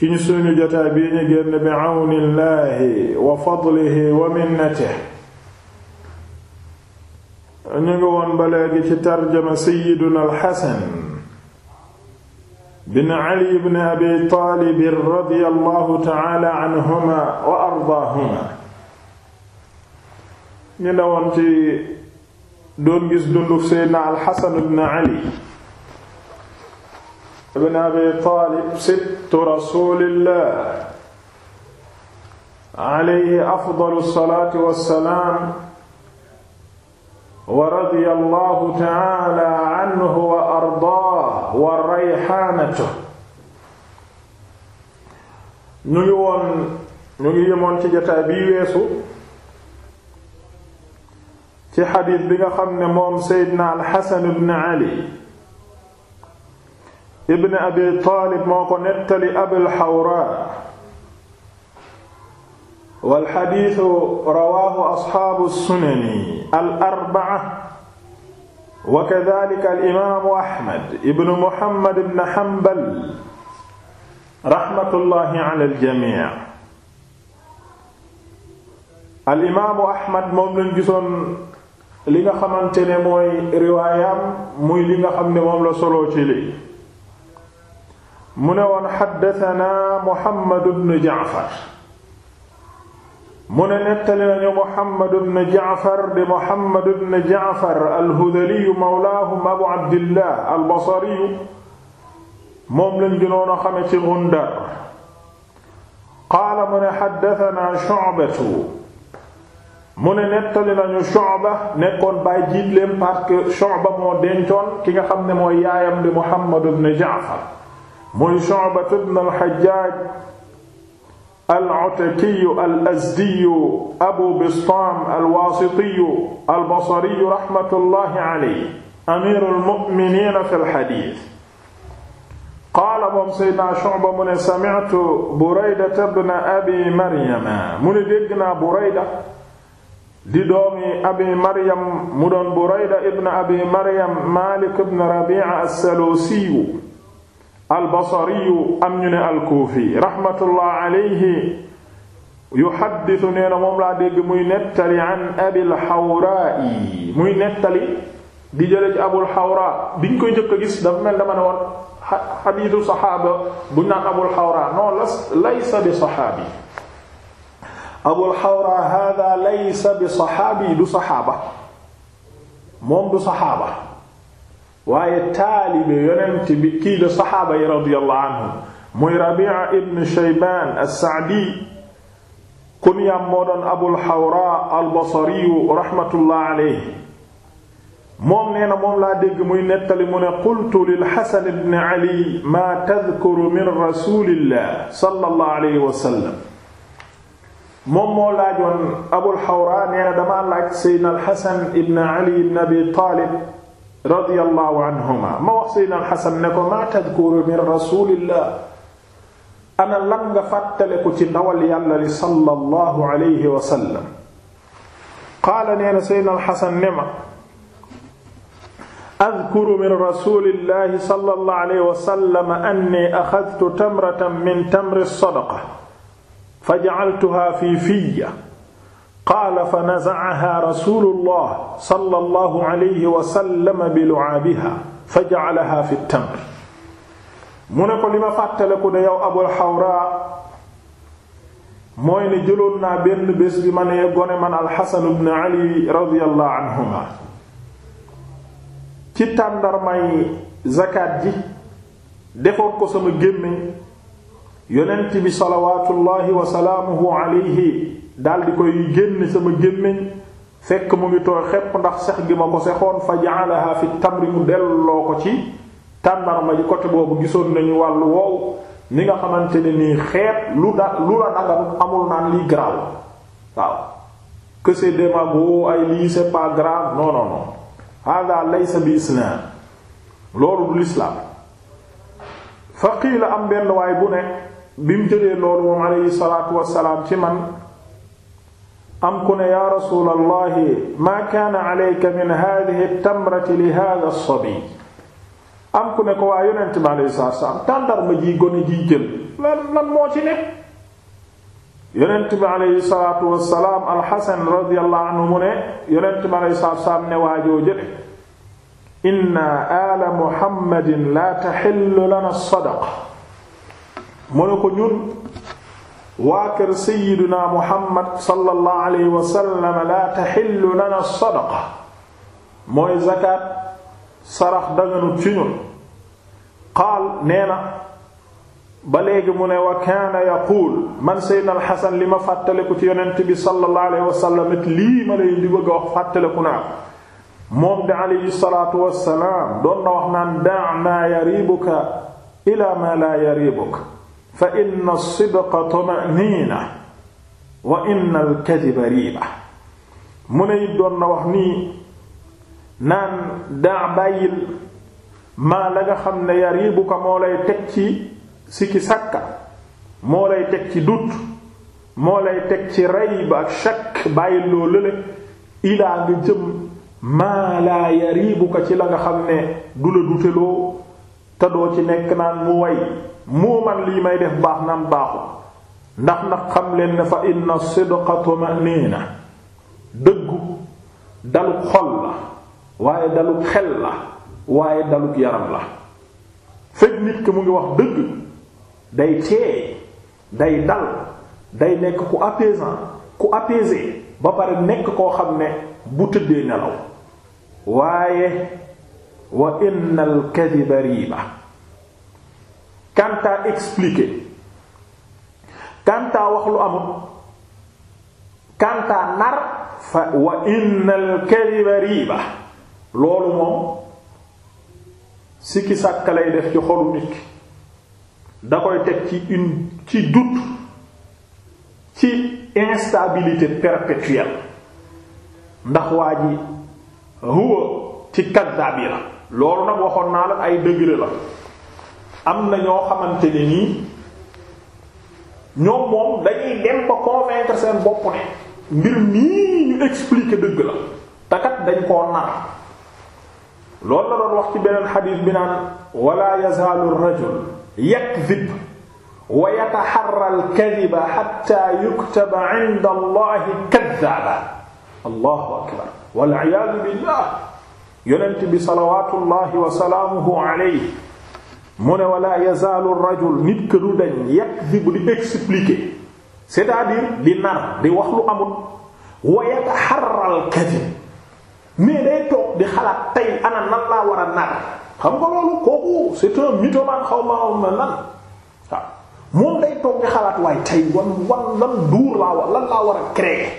ci suñu jotaay bii ñu génn bi àwnillaahi wa fadlihi wa minnatihi ñu ngi woon ba léegi ci tarjama sayyiduna bin ali ibn abi taalib radiyallahu ta'ala anhuma wa ardaahuma ñu ne woon ci doon gis dundu seydina ali ibn abi taalib sibtu rasulillah alayhi afdalu salaati wassalaam wa radiya allahu ta'ala anhu wa ardaahu wa rayhaanatuhu ñu ngi woon ñu ngi yemoon ci jotaay bii weesu ci xadiis bi nga xam ne moom Seydina Al Hasan ibn Ali ibn abi taalib moo ko nettali abul hawraa wal xadiisu rawaahu asxaabu sunani al arba'a wa kadaalika al imaamu ahmad ibn muhammad ibn hanbal rahmatullahi alal jamii' al imaamu ahmad moom lañ gisoon li nga xamante ne mooy riwaayam muy li nga xam ne moom la solo ci li mu ne woon xaddatanaa Muhammadu bnu Jaafar mu ne nettali nañu Muhammadu bnu Jaafar di Muhammadu bnu Jaafar al-Hudaliyu mawlaahum Abu Abdillah al-Basriyu moom lañ gënoon a xame ci Gundar qaala mu ne xaddatanaa Shu'batu mu ne nettali nañu Shu'ba nekkoon baay jiitleem parce que Shu'ba moo dencoon ki nga xam ne mooy yaayam di Muhammadu bnu Jaafar muy Shu'bat ibn al-Hajjaj al-Ataki al-Azdi Abu Bistam al-Wasiti al-Basri rahmatullahi alayhi amirul mu'minin fi al-hadith qaala moom Seydina Shu'ba mu ne sami'tu Burayda ibn Abi Maryama mu ne dégg naa Burayda di doomi Abi Maryam mu doon Burayda ibn Abi Maryam Malik ibn Rabi'a as-Salusi albasariyu am ñu ne alkuufi rahmatullah alayhi yuhaddisu nee na moom laa dégg muy nettali an abil xawraa yi muy nettali di jële ci abul xawraa biñ koy njëkk a gis dafa mel dama ne woon xadiisu saxaaba buñ naan abul xawraa non laysa bi saxaabi abul xawraa haadaa laysa bi saxaabi du saxaaba moom du saxaaba waaye taalibe yonent bi kii la saxaaba yi radiyallahu anhu muy Rabi'a ibn Shaybaan as-Sa'di kunyaam moo doon Abul Hawraa al-Basri rahmatullahi alayhi moom nee na moom laa dégg muy nettali mu ne qultu lil Hasan ibn Ali maa tadhkuru min rasuulillah sallallahu alayhi wa sallam Ali ibn Abi Taalib radiyallahu anhuma ma wax sayyidina alxasan ne ko maa tadkuru min rasulillah ana lan nga fàttale ko ci ndawal yàlla li sallallahu alayhi wa sallam qaala nee na sayyidina alxasan ne ma adkuru min rasulillahi sallallahu alayhi wa sallam anni axadtu tamratan min tamri sadaqa faja'altuha fi fiyya qaala fa nazacaha rasulullah sallallahu alayhi wa sallam bi lucaabiha fa jacalaha fi tamr mu ne ko li ma fàttaleku ne yow abul xawraa mooy ne jëloon naa benn bés bi ma nee gone man alxasan ibn ali radiyallahu anhuma ci tàndarmay zakat ji defoon ko sama gémmiñ yonent bi salawatullahi wa salaamuhu alayhi dal di koy génne sama gémmiñ fekk mu ngi tooy xepp ndax sex gi ma ko sexoon fa ja'alaha fi tamri mu delloo ko ci tàndarma ji côté boobu gisoon nañu wàllu woowu ni nga xamante ne nii xeet lu da lu la dagan amul naan lii grave waaw que c'est démago ay lii c'est pas grave non non non bi islam loolu du l'islam fa qiila am benn waay bu ne bi mu jëlee loolu moom alayhi salaatu wassalaam ci man am ku ne yaa rasulallahi maa kaana alayka min hadihi tamrati li hada as-sabi am ku ko waa yonent bi alayhi salaatu salaam tàndarma ji gone ji jël lan lan moo ci ne yonent bi alayhi salaatu wassalaam alxasan radiyallahu anhu mu ne yonent bi alayhi salaam ne waajoo jële inna ala muhammadin la taxillu lana sadaqa mu ne ko ñun waa kër sayyidina muhammad sallallahu alayhi wa sallam la taxillu lana sadaqa mooy zakat sarax daganut ci ñun qaal nee na ba léegi mu ne wa kaana yaquul man sayyidina alxasan li ma fàttaleku ci yonent bi sallallahu alayhi wa sallam it lii ma lay di bëgg a wax fàttaleku naa moom di alayhi salaatu wassalaam doon na wax naan da' ma yaribuka ila ma la yaribuka fa inna sidqa tuma'nina wa inna al-kadhiba riiba mu ne it doon na wax nii naan daa bàyyil maa la nga xam ne yariibuka moo lay teg ci sikki sàkka moo lay teg ci dut moo lay teg ci rayb ak shakk bàyyil loo lële ilaa nga jëm maa laa yariibuka ci la nga xam ne du la duteloo te doo ci nekk naan mu way moo man lii may def baax naan baaxul ndax nag xam leen fa inna sidqa tumanina dëggu daluk xol la waaye daluk xel la waaye daluk yaram la fekk nit ki mu ngi wax dëgg day teey day dal day nekk ku apaisant ku apaisé ba pare nekk koo xam ne bu tëddee nelaw waaye wa innal kadiba riiba quant à expliquer quant wax lu amul quant nar fa wa innal kadiba riiba loolu moom siki sàkk lay def ci xolu nit da koy teg ci une ci dut ci instabilité perpétuelle ndax waa ji huwa ci kaddaab yi la loolu nag waxoon naa ay degré la am na ñoo xamante ne nii ñoom moom dañuy dem ba convaincre seen bopp ne mbir nii dëgg la takat dañ koo nar loolu la doon wax ci beneen xadiis bi naan wala yazaalu rajul yakdib wa yataxarra alkadiba xatta yuktaba inda allahi kaddaaba akbar wal iyaadu billah yonent bi salawaatullahi wa salaamuhu alayhi mu ne wala yazaalu rajul nit que du dañ yakdibu di expliquer c'est-à-dire di nar di wax lu amul wa yataharral kadib mais day toog di xalaat tey ana nan laa war a nar xam nga loolu kooku c'est un mythomane xaw ma xaw ma nan waaw moom day toog di xalaat waaye tey wan wan lan duur laa war lan laa war a créer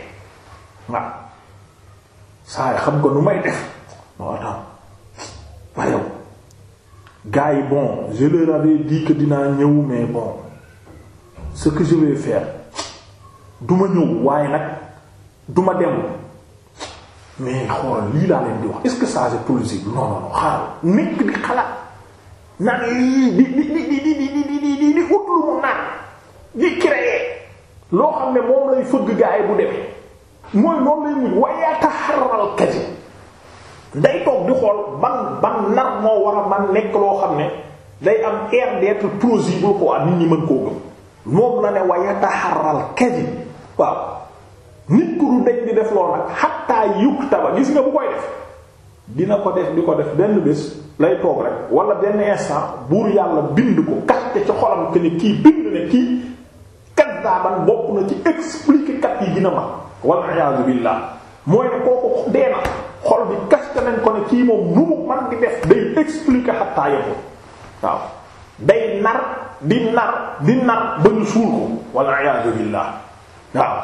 xam nga nu may def. moo tax payow gars yi bon je leur avais dit que dinaa ñëw mais bon ce que je vais faire duma ñëw waaye nag duma dem mais xoolal lii laa leen di wax est-ce que ça c'est plausible non non non xaaral nekk di xalaat naan lii di di di di di di di di ut lu mu naan di créer loo xam ne moom lay fëgg gars yi bu demee mooy moom lay mujj waaye yaa taxaral kasi day toog di xool ban ban nar moo war a man nekk loo xam ne day am air d'être plausible quoi nit ñi mën koo gëm moom la ne waaye taxaral kaji waaw nit ku du deñ di def lool nag xattaa yukk taba gis nga bu koy def dina ko def di ko def benn bés lay toog rek wala benn instant buur yàlla bind ko kaste ci xolam que ne kii bind ne kii kaddaaban bokk na ci expliquer kat yi dina mag wal iyaazu billah mooy ne kooku dee na xol bi kasta nañ ko ne kii moom nu mu man di def day expliquer xattaa waaw day nar di nar di nar ba ñu suul ko walla iyaatu billaah waaw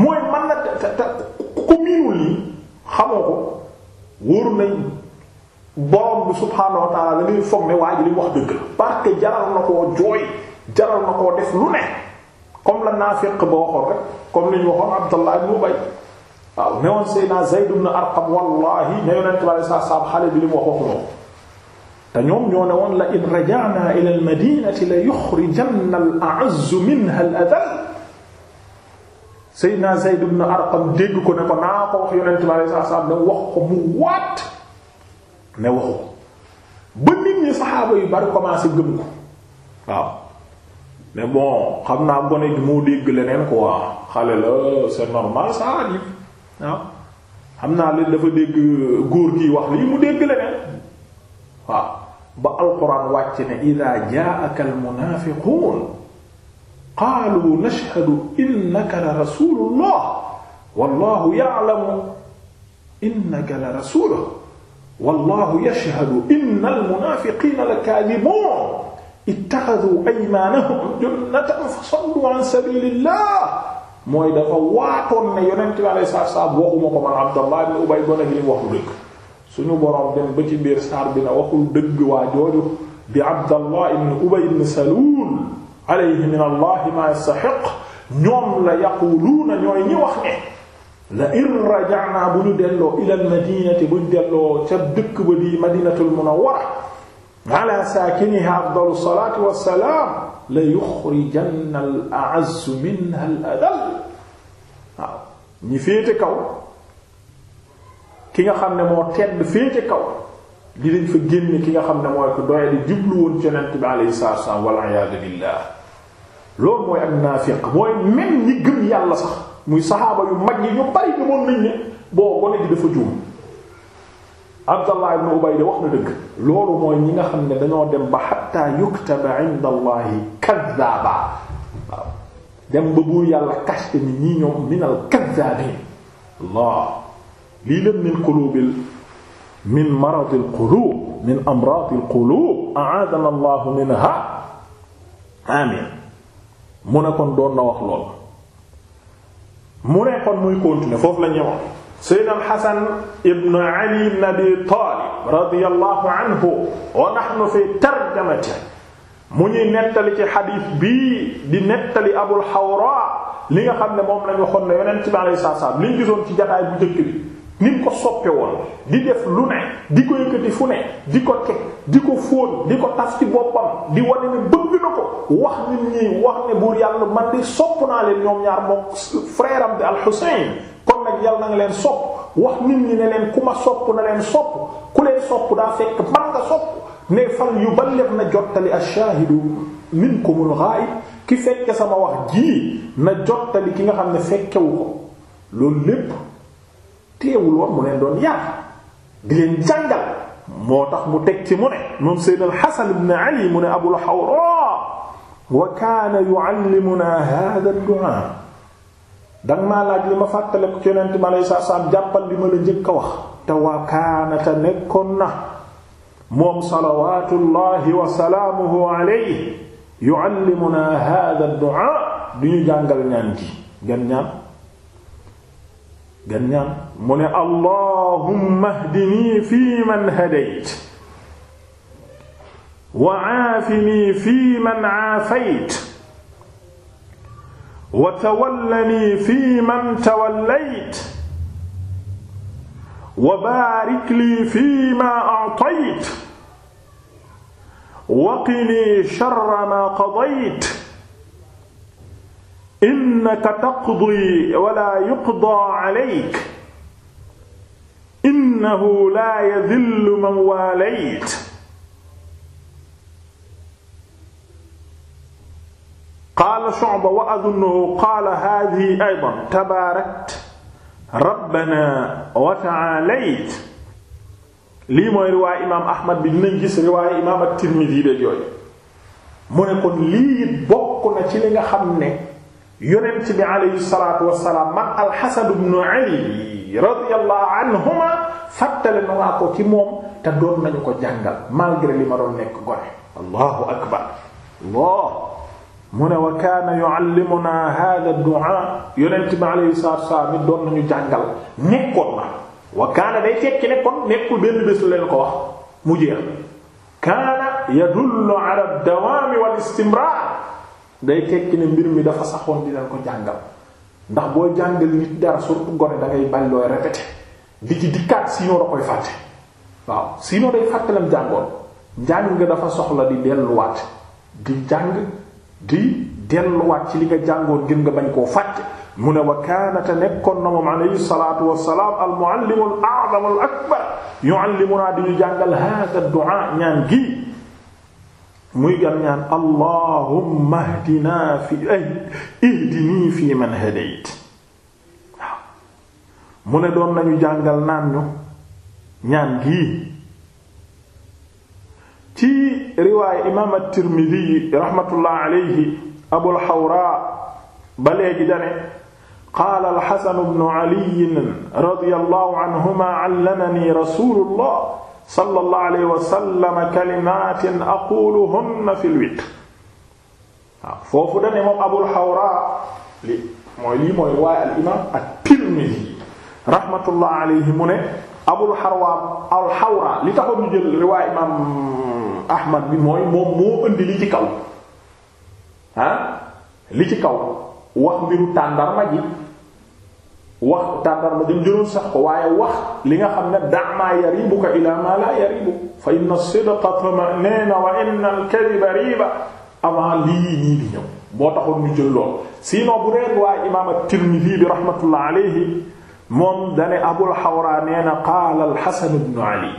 mooy man na te te ku miinul yi xamoo ko wóor nañ borom bi subhaanahu wa la ñuy foog ne waa li wax dëgg la parce que jaral na koo jooy jaral na koo def lu ne comme la naafiq ba waxoon rek comme li ñu waxoon Abdallah ibn Ubay waaw newoon Seydina Zayd ibn Arqam wallahi ne yonent bi alayhi salaatu xale bi li mu wax waxu noonu ñoom ñoo ne woon la in raja'na ila al-madinati la yukhrijanna al-a'azzu minha al-adhall Seydina Zayd ibn Arqam dégg ko ne ko naa ko wax yonent bi alayhi salaatu ne wax ko mu waat ne waxu ba nit ñi saxaaba yu bari commencé gëm ko waaw mais bon xam naa gone gi moo dégg leneen quoi xale la c'est normal ça arrive waaw ah. xam naa leen dafa dégg góor gi wax lii mu dégg leneen waaw ba alquran wàcc ne ida jaaka almunafiqun qaalu nashhadu innaka la rasulullah wallahu ya'lamu innaka la rasuluhu wallahu yashhadu innal munaafiqiina lakaadibuun ittaxaduu aymaanahum junnatan fasaddu an sabiilillah mooy dafa waatoon ne yonent bi alayhi salaatu salaam waxuma ko man Abdallah ibn Ubay ibn Hilal waxu dëgg suñu boroom dem ba ci biir saar bi ne waxul dëgg waa jooju bi Abdallah ibn Ubay ibn Salul alayhi min Allah ma yastahiq ñoom la yaquluuna ñooy ñi wax ne la in raja'na bu ñu delloo ila al madinati bu ñu delloo ca dëkk ba di madinatul munawwara ala saakiniha afdalu salaati wa salaam la yuxrijanna al a'azzu minha al adall waaw ñi féete kaw ki nga xam ne moo tedd féete kaw di dañ fa génne ki nga xam ne mooy ko doye di jublu woon ci yonent bi alayhi salaatu wa salaam wal iyaadu billah loolu mooy ak naafiq mooy même ñi gëm yàlla sax muy saxaaba yu mag yi ñu bari ñu moom nañ ne boo gone gi dafa juum Abdallah ibn Ubay wax na dëgg loolu mooy ñi nga xam ne dañoo dem ba xatta yuktaba inda Allahi kaddaaba waaw dem ba buur yàlla kaste ni ñii ñoom minal kaddaabiin Allah lii leen min quluubil min maradil quluub min amraadil quluub a'aadana Allahu minha amiin mu ne kon doon wax lool mu ne kon muy continuer foofu la ñëwoon Seydina Al-Hasan ibn Ali ibn Abi Taalib radiyallahu anhu wa nahnu fi tarjamatihi mu ñuy nettali ci xadiis bi di nettali Abul Hawraa li nga xam ne moom lañu xon ne Yonent bi alayhi salaam liñ gisoon ci jataay bu njëkk bi ko soppe woon di def lu ne di ko yëkkati fu ne di ko teg di ko fóon di ko tas ci boppam di wane ne bëgg na ko wax nit ñi wax ne buur yàlla man di sopp naa leen ñoom ñaar mook frère am bi Al Husayn kon nag yal na leen sopp wax nit ñi ne leen ku ma sopp na leen sopp ku leen sopp daa fekk man nga sopp ne fal yuballigh na jottali ash-shahidu minkumul ghaib ki fekke sama wax jii na jottali ki nga xam ne fekkewu ko loolu lépp teewul woon mu leen doon yar di leen jàngal moo tax mu teg ci mu ne moom Seydina al-Hasan ibn Ali mu ne Abul Hawra wa kaana yu'allimuna hadha ad-du'a danga maa laaj li ma fàttale ko ci yonent ma lay saasam jàppal bi ma la njëkk wax wax te wakaanata nekkoon na moom salawaatullahi wa salaamuhu alayhi yuallimunaa jàngal ñaan gi gan ñaan gan ñaan mu ne allahumma fii man hadayt wa aafini fii man aafayt wa tawallanii fii man tawallayt wa baarik lii fii maa a'tayt wa qinii sharra maa qadayt innaka taqdii wa laa yuqdaa calayk innahu laa yadillu man waalayt qaala Shu'ba wa adunnuhu qaala haadhihi aydan tabaarakta rabbanaa wa ta'aalayta lii mooy riwaayu imaam Ahmad bi dinañ gis riwaayu imaam at-Tirmidhi beeg yooyu mu ne kon lii bokk na ci li nga xam ne yonent bi alayhi salaatu wa salaam man al-Hasan ibn Ali radiyallahu anhuma fàttali na waa ko ci moom te doon nañu ko jàngal malgré li ma doon nekk gone. Allahu akbar Allah. mu ne wa kaana yu'allimuna hadha ad-du'a yonent bi alayhi salaatu wa salaam doon nañu jàngal nekkoon na wa kaana day tekki ne kon nekkul benn bés leen ko wax mu jeex kaana yadullu ala ad wal istimraar day tekki ne mbir mi dafa saxoon di ko jàngal ndax boo jàngal nit dara surtout gone da ngay bañ looy répété di ci dikkaat sinon da koy fàtte waaw sinon day fàtte lam jàngoon njàng nga dafa soxla di delluwaat di jàng. di delluwaat ci li nga jàngoon ngir nga bañ koo fàtte mu ne wa kaanate nekkoon na moom alayhi salaatu wassalaam al muallimu al a'zam al akbar yuallimunaa di ñu jàngal eh, fi man hadayt mu ne doon nañu jàngal naan ñu ñaan gi riwaaya imaam at-Tirmidhi rahmatullah alayhi Abul Hawraa ba léegi dane qaala al-Hasan ibnu Ali radiyallahu anhumaa allamanii rasuulullah sallallahu alayhi wa sallam kalimaatin aquluhunna fil witr waaw foofu dane moom Abul Hawraa li mooy lii mooy waaye al-imaam at-Tirmidhi rahmatullah alayhi mu ne Abul Hawraa al-Hawraa li taxoon ñu jël riwaaya imaam ahmad bi mooy moom moo indi li ci kaw ah li ci kaw wax mbiru tàndarma ji wax tàndarma jëm jëloon sax ko waaye wax li nga xam ne da'ma yaribuka ila ma la yaribu fa inna sidqa tuma'nina wa inna al-kadhiba riba avant lii nii di ñëw boo taxoon ñu jël lool sinon bu dee waa imaam at-Tirmidhi bi rahmatullah alayhi moom dane abul xawra nee na qaala al-Hasan ibn Ali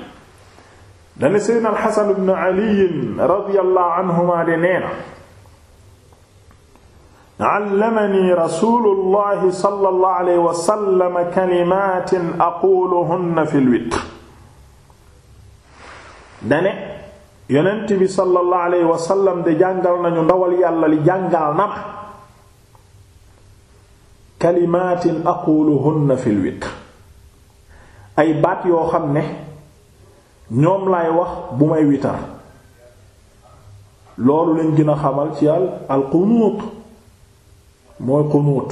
dane seydna alxasan bnu aliyin radiyallahu anhuma de nee na allamani rasulullahi sallallahu alayhi wa sallam kalimatin nañu ndawal yàlla li jàngal na ay baat yoo xam ne ñoom laay wax bu may witar loolu lañ gën a xamal ci al al qunuut mooy qunuut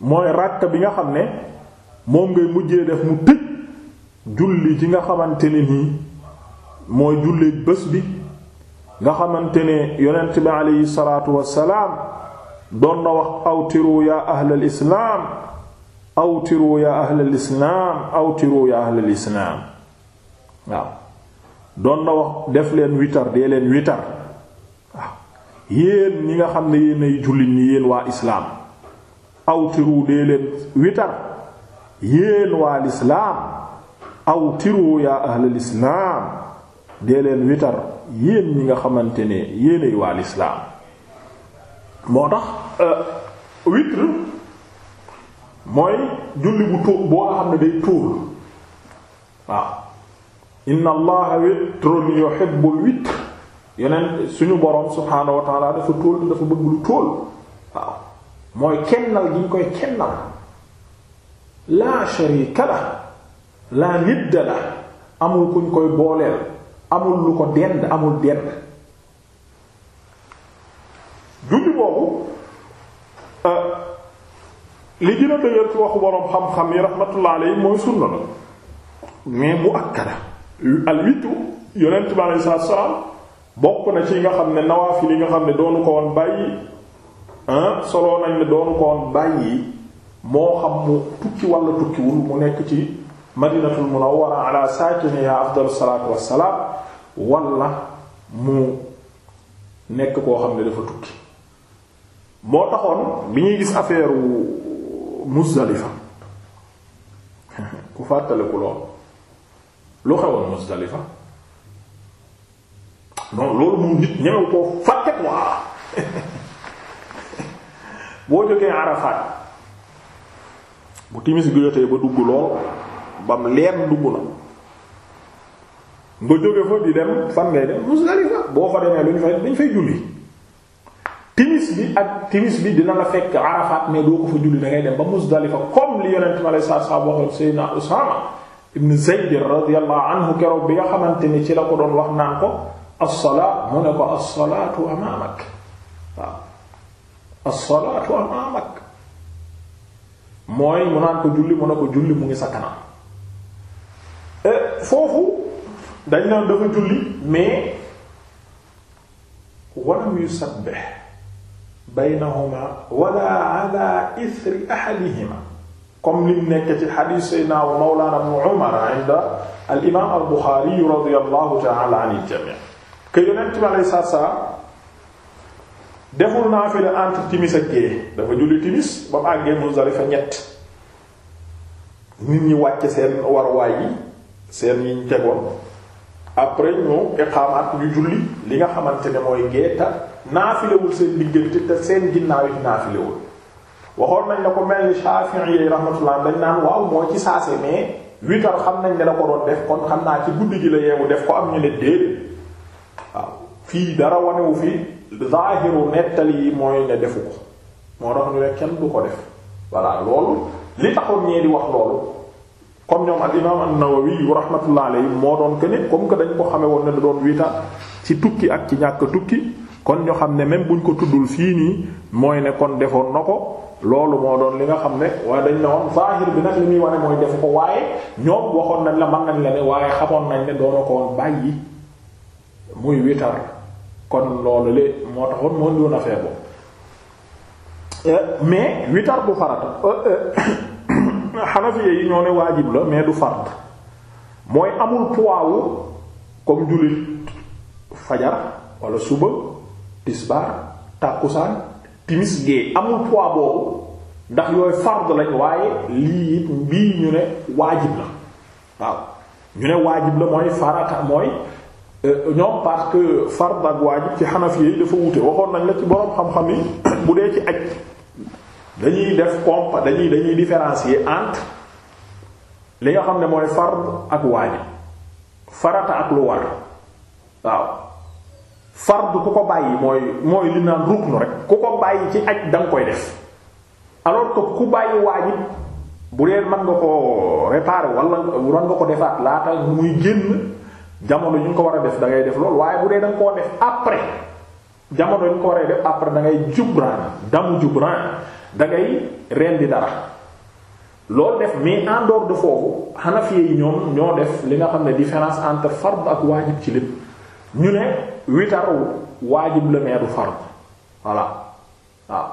mooy ràkk bi nga xam ne moom ngay mujjee def mu tëj julli ji nga xamante ne nii mooy julleeg bés bi nga xamante ne yonent bi aleyhi salaatu wassalaam doon na wax awtiru ya ahlal islaam awtiru ya ahlal ahlal islaam waaw doon na wax def leen witar dee leen witar waaw yéen ñi nga xam ne yéen ay jullit yéen waa islaam awtiru dee leen witar yéen waa lislaam awtiru yaa ahlal islaam dee leen witar yéen ñi nga xamante ne yéenay waa lislaam moo tax euh, witr mooy julli bu tuur boo xam ne day tuur inna allaha witrun yuhibbul yeneen suñu boroom subhaanahu wa taala dafa tóol dafa bëgg lu tóol waaw mooy kennal gi ñu koy kennal laa sharika la laa nidda la amul kuñ koy booleel amul lu ko dend amul dend julli boobu euh, li gën a dëgër ci waxu boroom xam-xam yi rahmatullah alayhi mooy sunna la mu akkada al yonent bi aleyhi salaam bokk na ci nga xam ne nawaafil yi nga xam ne doonu ko won bàyyi solo nañ ne doonu ko woon bàyyi moo xam mu tukki walla tukkiwul mu nekk ci madinatul munawwara ala saakiniha afdalu salaatu wassalaam walla mu nekk koo xam ne dafa tukki moo taxoon bi ñuy gis affaire Muzdalifa ku fàttaliku lool lu xewoon Muzdalifa non loolu moom nit ñëw koo fàtte quoi boo jógee Arafat bu timis bi jotee ba dugg lool bam leer dugg na nga jóge fa di dem fan ngay dem Muzdalifa boo fa demee luñ fay dañ fay julli timis bi ak timis bi dina la fekk Arafat mais doo ko fa julli da dem ba Muzdalifa comme li yonent ma lay saa saa waxoon Seydina Usaama ibn Zayd radiyallahu anhu keroog bi nga xamante ni ci la ko doon wax naan ko as-salaat mu ne ko as-salaatu amaamak waaw as-salaatu amaamak mooy mu naan ko julli mu ne ko julli mu ngi sa kanam e, foofu dañ naan dafa julli mais walam yusabbih baynahuma wala ala ithri ahadihima comme lim nekk ci xadiis Seydina wa Mawlana ibn Umar inda al imaam al Buxaari radiyallahu ta'ala anil jamii que yonent bi alayhi salaatu deful naafila entre timis ak gée dafa julli timis ba mu àggee Muzdalifa ñett nit ñi wàcce seen warwaay yi seen yi ñu tegoon après ñu iqaamaat ñu julli li nga xamante ne mooy gée ta naafilewul seen diggante te seen ginnaaw naafilewul waxoon nañ la ko mel ni Shafi'i yi rahmatullah dañ naan waaw moo ci saase mais huit xam nañ ne la ko doon def kon xam naa ci guddi gi la yeewu def ko am ñu ne déedéet waaw fii dara wanewu fi zaahiru nettali yi mooy ne defu ko moo tax ñu ne kenn du ko def voilà loolu li taxoon ñee di wax loolu comme ñoom al imam an-Nawawi rahmatullah alayhi moo doon que ne comme que dañ ko xamee woon ne da doon wiita ci tukki ak ci ñàkk tukki kon ñu xam ne même buñ ko tuddul fii nii mooy ne defoon na ko loolu moo doon li nga xam ne waaye dañ ne woon zahir bi nag li muy wane mooy def ko waaye ñoom waxoon nañ la man nañ la ne waaye xamoon nañ ne doona ko woon bàyyi muy witar kon loolu le moo taxoon moo doon affaire boobu eh, mais witar bu farata eh, eh, Hanafiya yi ñoo ne waajib la mais du fard mooy amul poids wu comme jullit fajar wala suba tisbaar tàkkusaan timis gee amul poids boobu ndax yooyu fard lañ waaye lii it bii ñu ne waajib la waaw ñu ne waajib la mooy farata mooy euh, ñoom parce que fard ak waajib ci xanafi yi dafa wute waxoon nañ la ci boroom xam-xam yi bu dee ci aj dañuy def compa dañuy dañuy différencier entre li nga xam ne mooy fard ak waajib farata ak lu war waaw fardu ku ko bàyyi mooy mooy li naan ruknu rek ku ko bàyyi ci ak da nga koy def alors que ku bàyyi waajib bu dee mën nga ko réparer wala mën nga ko defaat laata muy jën jamono ñu ko war a def da ngay def loolu waaye bu dee da nga koo def après jamono ñu ko war a def après da ngay jubraan damu jubraan dangay ngay rendi dara loolu def mais en dehors de foofu Hanafi yi ñoom ñoo def li nga xam ne différence entre fard ak waajib ci lépp ñu ne. witar waajib la meedu fard voilà waaw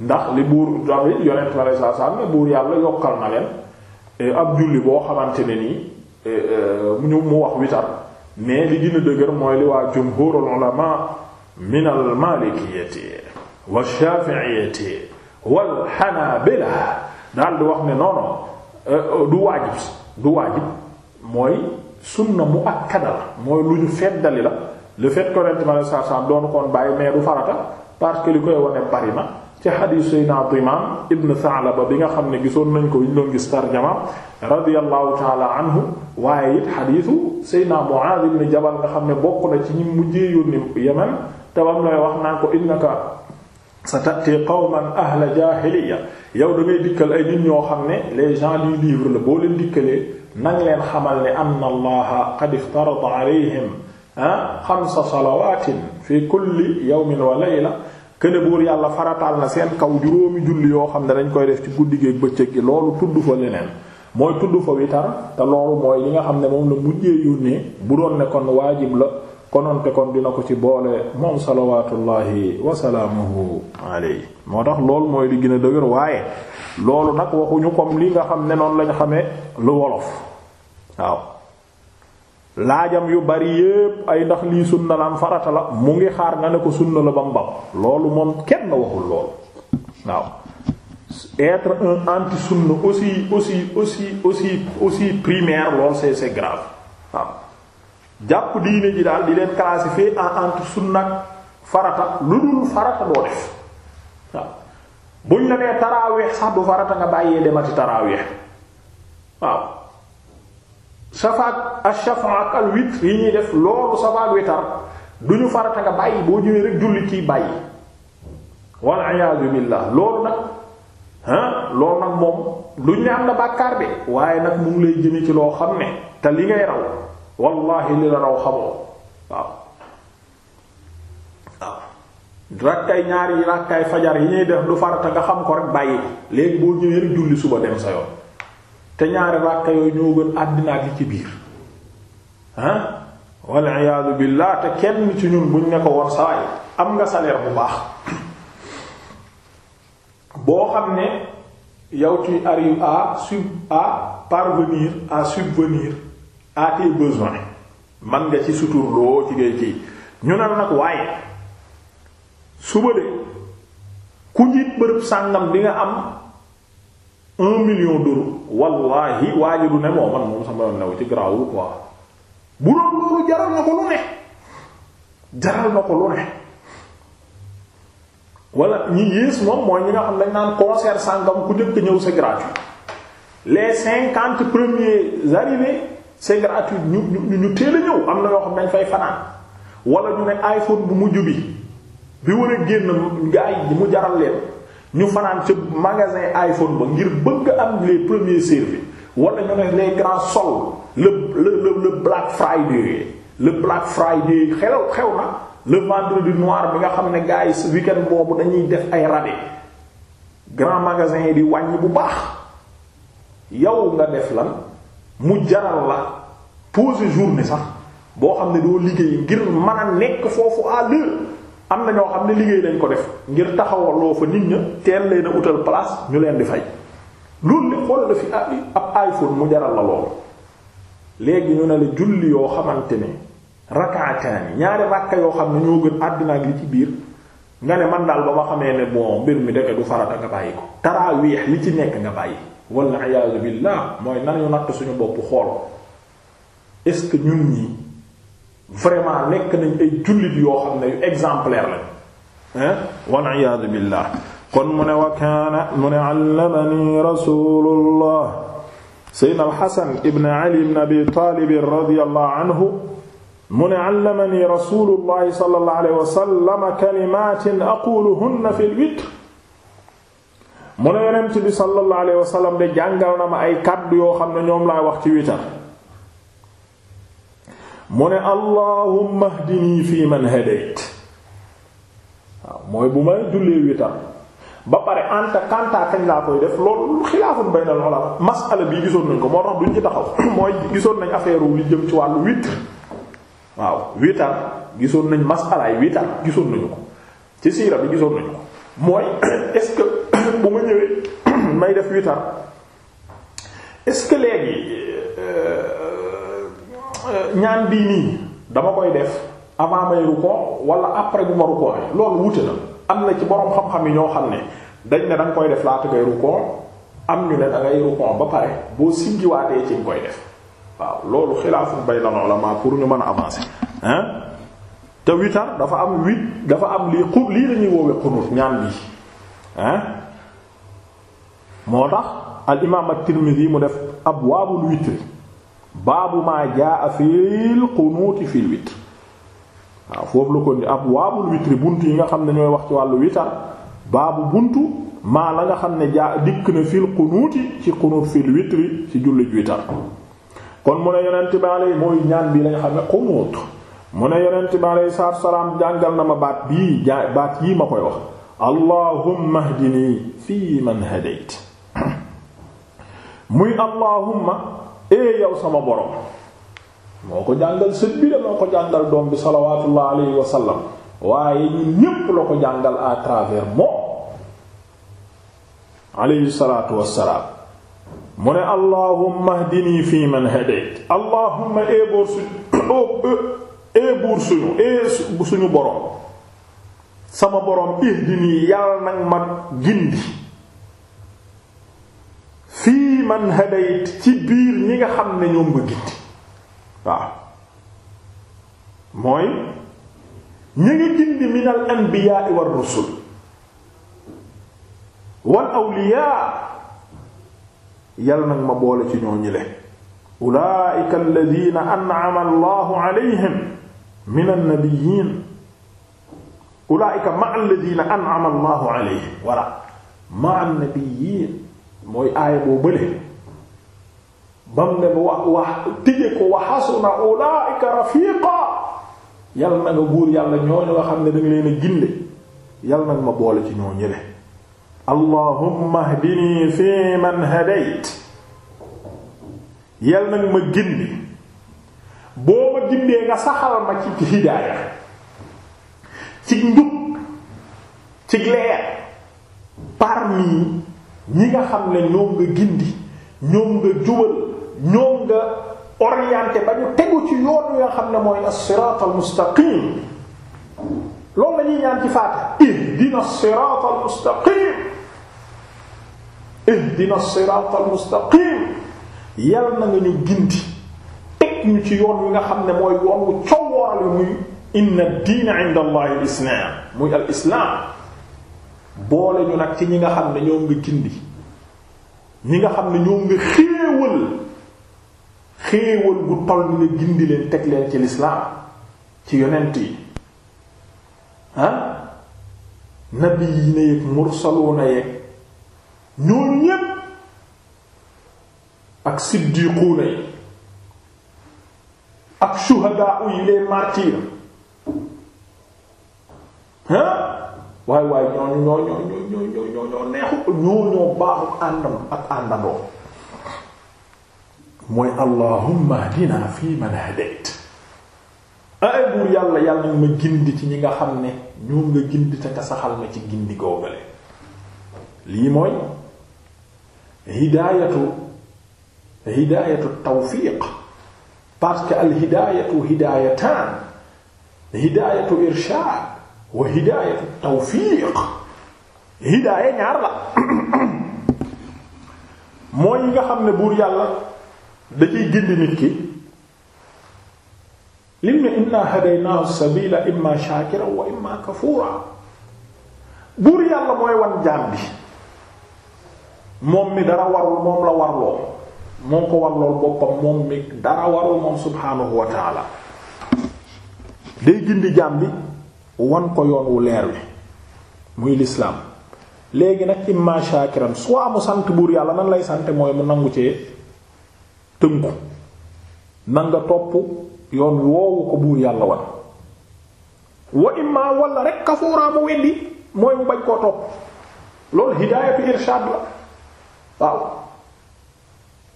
ndax li buur tamit yonent ma lay saa saa ne buur yàlla yokkal na leen eh, ab julli boo xamante ne nii eh, eh, ñu mu wax witar mais li gën a dëgër mooy li waa jumhurul ulama min al malikiyati wa shafi'iyati wal hanabila daal di wax ne non du waajib du waajib mooy sunna mu akkada la mooy lu ñu feddali la le fait que Yonent bi sallallahu alayhi wa doon koon bàyyi mais du farata parce que li koy wane bari na ci xadiis Seydina Dimaam ibn Sa'laba bi nga xam ne gisoon nañ ko ñu doon gis tarjama radiyallahu taala anhu waaye it xadiisu Seydina Muaaz ibn Jabal nga xam ne bokk na ci ñi mujjee yónni Yemen te bam lay wax naa ko innaka sa tati qawman ahla jaahiliya yow da ngay dikkal ay nit ñoo xam ne les gens du livre la boo leen dikkalee nang leen xamal ne anna allaha xamsa salawaatin fi kulli yawmin wa layla këne buur yàlla farataal na seen kaw juróomi julli yoo xam ne dañ koy def ci guddi gi ak bëccëg gi loolu tudd fa leneen mooy tudd fa witar te loolu mooy li nga xam ne moom la mujjee yónnee bu doon ne kon waajib la kononte kon dina ko ci boole moom salawaatullahi wa salaamuhu alayhi moo tax loolu mooy li gën a dëgër waaye loolu nag waxuñu comme li nga xam ne noonu lañu xamee lu wolof waaw laajam yu bari yépp ay ndax lii sunna la farata la mu ngi xaar nga ne ko sunna la ba loolu moom kenn waxul loolu waaw être un anti sunna aussi aussi aussi aussi aussi primaire loolu c'est c'est waaw jàpp diine ji daal di leen classifier en anti sunna ak farata lu dul farata doo def waaw buñ la nee taraaweex sax du farata nga bàyyee demati taraaweex waaw safaat ak chafon al witr yi ñuy def loolu safaat witar du ñu farata nga bàyyi boo ñëwee rek julli kii bàyyi walla iyaazu billaah loolu nag ah loolu nag moom duñ ne am na bàkkaar bi waaye nag mu ngi lay jëme ci loo xam ne te li ngay raw wallahi li la raw xamoo waaw waaw rakkaay ñaari rakkaay fajar yi ñuy def lu farata nga xam ko rek bàyyi léegi boo ñëwee rek julli suba dem sa yoon te ñaari ràkka yooyu ñoo gën àddina ak li ci biir ah wal iyaadu billah te kenn ci ñun buñ ne ko war saay am nga salaire bu baax boo xam ne yow tu arrives à sub à parvenir à subvenir à tes man nga ci sutur loo ci ngay kii ñu ne nag waaye suba de ku njiit bërëb sàngam di nga am un million d'euros wallaahi waaye ne moo man moom sama yoon new ci garaawul quoi bu doon loolu jaral na ko lu ne jaral na ko lu ne wala ñi yées moom mooy ñi nga xam dañ naan concert sàngam ku njëkk ñëw c'est gratuit les cinquante premiers sa c'est gratuit ñu ñu ñu teel ñëw am na yoo xam dañ fay fanaan wala ñu ne iPhone bu mujj bi bi war a génn gaay yi mu jaral leen. ñu fanaan ca magasin iPhone ba ngir bëgg am les premiers servis wala ñu ne les grands soldes le le le Black Friday le Black Friday xew xew na le vendredi noir bi nga xam ne gars yi ce boobu dañuy def ay rabais grand magasin yi di wàññi bu baax yow nga def lan mu jaral la pause journée sax boo xam ne doo liggéey ngir mën a nekk foofu à am na ñoo xam ne liggéey lañ ko def ngir taxawaloo fa nit ña teel leen a utal place ñu leen di fay loolu li xool la fi ab iPhone mu jaral la loolu léegi ñu ne la julli yoo xamante ne rakaataani ñaari rakka yoo xam ne ñoo gën àddina ak li ci biir nga ne man daal ba ma xamee ne bon mbir mi deke du farata nga bàyyi ko taraawiix li ci nekk nga bàyyi walla iyaazu billaah mooy nan ñu natt suñu bopp xool est ñun ñi vraiment nekk nañ ay jullit yoo xam ne yu exemplaire lañ wal iyaadu billah kon mu ne wa kaana mu ne allamani rasulullah sayyidina alxasan ibn ali ibn abi taalib radiyallahu anhu mu ne allamani rasulullahi sallallahu alayhi wa sallam kalimatin aquluhunna fil witr mu ne yonent bi sallallahu alayhi wa sallam de jàngal na ma ay kàddu yoo xam ne ñoom laay wax ci witar mu ne allahumma hdini fii man hadayt waaw mooy bu may jullee witar ba pare anta kanta kañ laa koy def loolu xilaafun bayna al-ulama masala bii gisoon nañ ko moo tax duñ ci taxaw mooy gisoon nañ affaire wu jëm ci wàllu witr waaw witar gisoon nañ masalaay witar gisoon nañu ko ci siira bi gisoon nañu ko mooy est-ce que bu ma ñëwee may def witar est-ce Euh, ñaan bii nii dama koy def avant may rukkoo wala après bu ma rukkoo loolu wute na am na ci borom xam-xam yi ñoo xam ne dañ ne da koy def laata ngay rukkoo am ñu ne da ngay ba pare boo siggiwaatee ci nga koy def waaw loolu xilaafu bayna ulama pour ñu mën a avancer hein te witar dafa am wit dafa am lii xub lii lañuy woowe xunut ñaan bii hein moo tax al imaam at-Tirmidhi mu def abwaabul witr baabu maa jaa fil qunuuti fil witr waaw foofu la ko ab waabul witri buntu yi nga xam ne ñooy wax ci wàllu witar baabu buntu maa la nga xam ne jaa dikk na fil qunuuti ci qunuut fil witri ci jullit witar kon mu ne yonent bi alay mooy ñaan bi lañ xam ne qunuut mu ne yonent bi alay salaam jàngal na ma baat bii jaa baat yii ma koy wax allahumma hdini fii man hadayt muy allahumma ee eh, yow sama borom moo ko jàngal sët bi la ko jàngal doom bi salawatullah alayhi wa sallam waaye ñun ñépp la ko jàngal à moom mu ne allahumma hdini fi man hadayt allahumma ee eh, eh, buur suñu ee suñu borom sama borom ihdini yàlla nag ma gindi fii man hadayt ci biir ñi nga xam ne ñoom nga gitti waaw mooy ñi ngi gindi min al anbiyaa war rusul wal awliyaa yal nag ma boole ci ñoo ñile ulaa'ika alladhiina an'ama allahu alayhim min an-nabiyyiin ulaa'ika ma'a alladhiina an'ama allahu alayhim wala ma'a an-nabiyyiin mooy aaya boo bële bam ne wa wax tije ko wa hasuna ulaika rafiqa yal na nga buur yàlla ñooñu nga xam ne danga leen a ginde yal na nga ma boole ci ñoo ñële allahumma hdini fi man hadayt yal na nga ma gindi boo gindee nga saxal ma ci hidaaya ci njub ci leer parmi ñi nga xam ne ñoom nga gindi ñoom nga jubal ñoom nga orienté ba ñu tegu ci yoon wi nga xam ne mooy as-sirat al-mustaqim loolu la ñuy ci faata ihdina as-sirat al-mustaqim ihdina as-sirat al-mustaqim yal na nga ñu gindi teg ñu ci yoon wi nga xam ne mooy yoon wu coowooral muy a ad-diina 'inda allahi al-islam boole ñu nag ci ñi nga xam ne ñoom nga gindi ñi nga xam ne ñoom nga xéewal xéewal bu toll ni nga gindi leen teg leen ci lislaam ci yonent yi ah nabi yi na yeeg mursaluuna yeeg ñoom ñépp ak siddiquuna yi ak shuhadaa yi les martyrs ah waay waay ñooñu ñoo ñoo ñoo ñoo ñoo neexu ñoo ñoo baaxu àndandoo mooy allahumma hdina fi man hadayt ay buur yàlla yàlla ma gindi ci ñi nga xam ne ñoom nga gindi te saxal ma ci gindi googale lii mooy hidaayatu hidaayatu tawfiq parce que al hidaayataan hidaayatu irshaad wa hidaayatu tawfiiq hidaaya ñaar la mooy nga xam ne buur yàlla dañuy ciy gindi nit ki lim ne inna hadaynaahu sabila imma shaakira wa imma kafuura buur yàlla mooy wan jaam moom mi dara warul moom la warloo moo ko warlool boppam moom mi dara warul moom subhaanahu wa day gindi jaam wan ko yoon wu leer wi muy lislaam léegi nag imma shakiran soit mu sant buur yàlla nan lay sante mooy mu nangu cee tënku nanga topp yoon woowu ko buur yàlla wan wa imma walla rek kafuuraa mu weddi mooy mu bañ koo topp loolu hidaayatu irshaad la waaw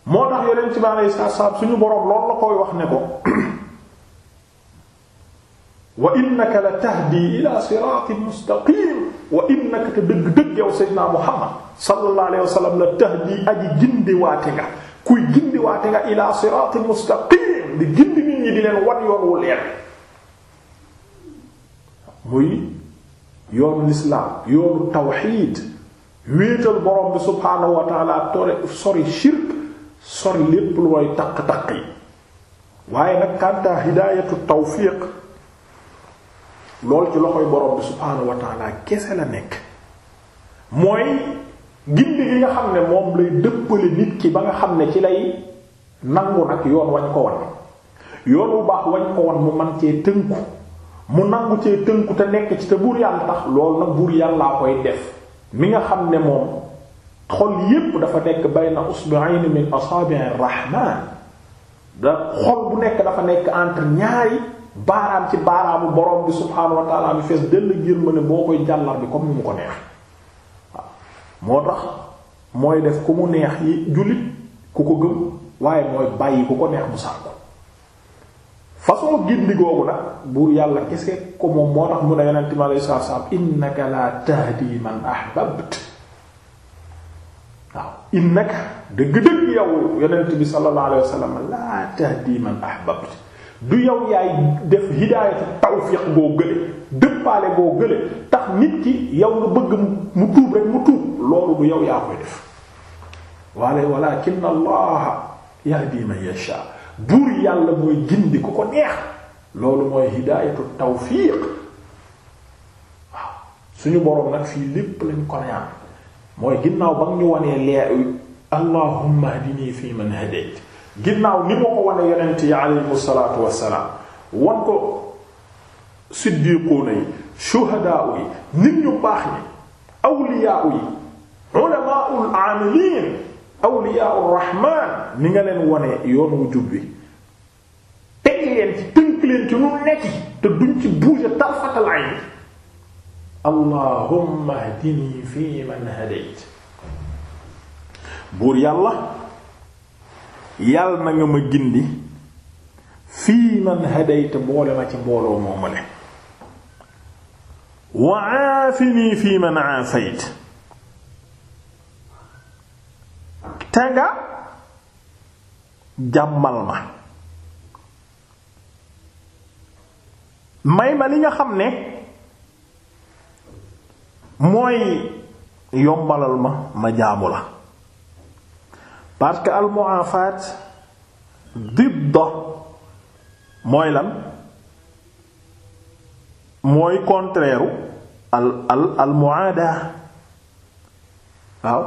moo tax yeneen ci baa ngay saab suñu boroom loolu la koy wax ne ko wa innaka la tahdi ila siratin mustaqim wa innaka te dëgg-dëgg yow sayyidina muhammad sallallahu alayhi la tahdi aji gindiwaate nga kuy gindiwaate nga ila siratin mustaqim di gindi nit ñi di leen wan yoon wu leer muy yoonu lislaam yoonu tawxiid wéetal borom bi subhaanahu wa tore sori shirk sori lépp lu way taq-taq yi waaye nag kanta hidaayatu tawfiq lool ci loxoy borom bi subhaanahu wa kese la nekk mooy gindi gi nga xam ne moom lay dëppale nit ki ba nga xam ne ci lay nangu nag yoon wañ ko wan yoon wu baax wañ ko wan mu man cee tënku mu nangu cee tënku te nekk ci te buur yàlla tax loolu nag buur yàllaa koy def mi nga xam ne moom xol yépp dafa nekk bayna usbu'ayn min asaabi'ir rahmaan da xol bu nekk dafa nekk entre ñaari baaraam ci baaraamu borom bi subhaanahu wa taala bi fees dell yërmande boo koy jàllar comme ni mu ko neex waaw moo tax mooy def ku mu neex yi jullit ku ko gëm waaye mooy bàyyi ku ko neex mu sànko façon gindi googu nag buur yàlla kese ko moom moo tax mu ne yonent mi alayhi salaatu salaam innaka laa tahdi man ahbabta waaw innaka dëgg-dëgg yow yonent bi sallallahu alayhi wa laa tahdi man ahbabta du yow yaay def hidaayatu tawfiq goo gële dëppaale goo gële tax nit ki yow nga bëgg mu tuub rek mu tuub loolu du yow yaa koy def waale walakin allah yahdi man buur yàlla mooy gindi ku ko neex loolu mooy hidaayatu tawfiq waaw suñu boroom nag fii lépp lañ ko ñaan mooy ginnaaw ba nga ñu wanee leer allahumma hdini fi man hadayt ginnaaw ni moo ko wane yonent yi aleyhim salaatu wassalaam wan ko siddiquuna yi shuhadaa yi nit ñu baax ñi awliyaa yi ulamaa'ul aamiliin awliyaa'ur rahmaan ni nga leen wane yoon wu jub bi teg leen ci tënk leen ci lu nekk te duñ ci bouger tarfatal ayn allahumma hdini fi man hadayt buur yàlla yàlla na nga ma gindi fii man hadayta boole ma ci mbooloo moomale wa aafini fii man aafayta te nga jàmmal ma may ma li nga xam ne mooy yombalal ma ma jaamu la parce que almuwaafaat didda mooy lan mooy contraire al al almuwaada waaw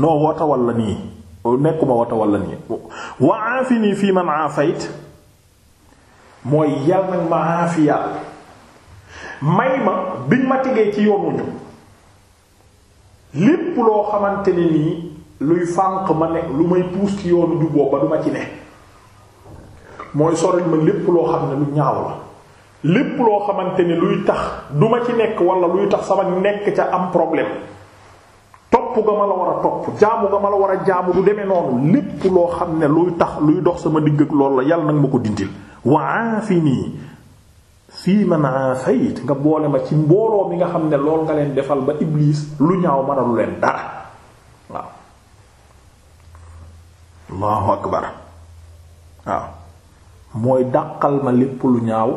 noo wota walla nii nekkuma wota walla nii wa aafini fii man aafayt mooy yàlla nag ma aafiya may ma biñ ma tegee ci yoonu lépp loo xamante ni luy fànq ma ne lu may puus ci yoonu juboo ba du ma ci ne mooy soril ma lépp loo xam ne lu ñaaw la lépp loo xamante ni luy tax duma ci nekk wala luy tax sama nekk ca am problème topp nga ma la war a topp jaamu nga ma la war a jaamu du demee noonu lépp loo xam ne luy tax luy dox sama digg ak loolu la yàlla nag ma ko dindil wa aafini fii man aafayit nga boole ma ci mbooloo mi nga xam ne lool nga leen defal ba iblis lu ñaaw mënalu leen dara waaw allahu akbar waaw mooy daqal ma lépp lu ñaaw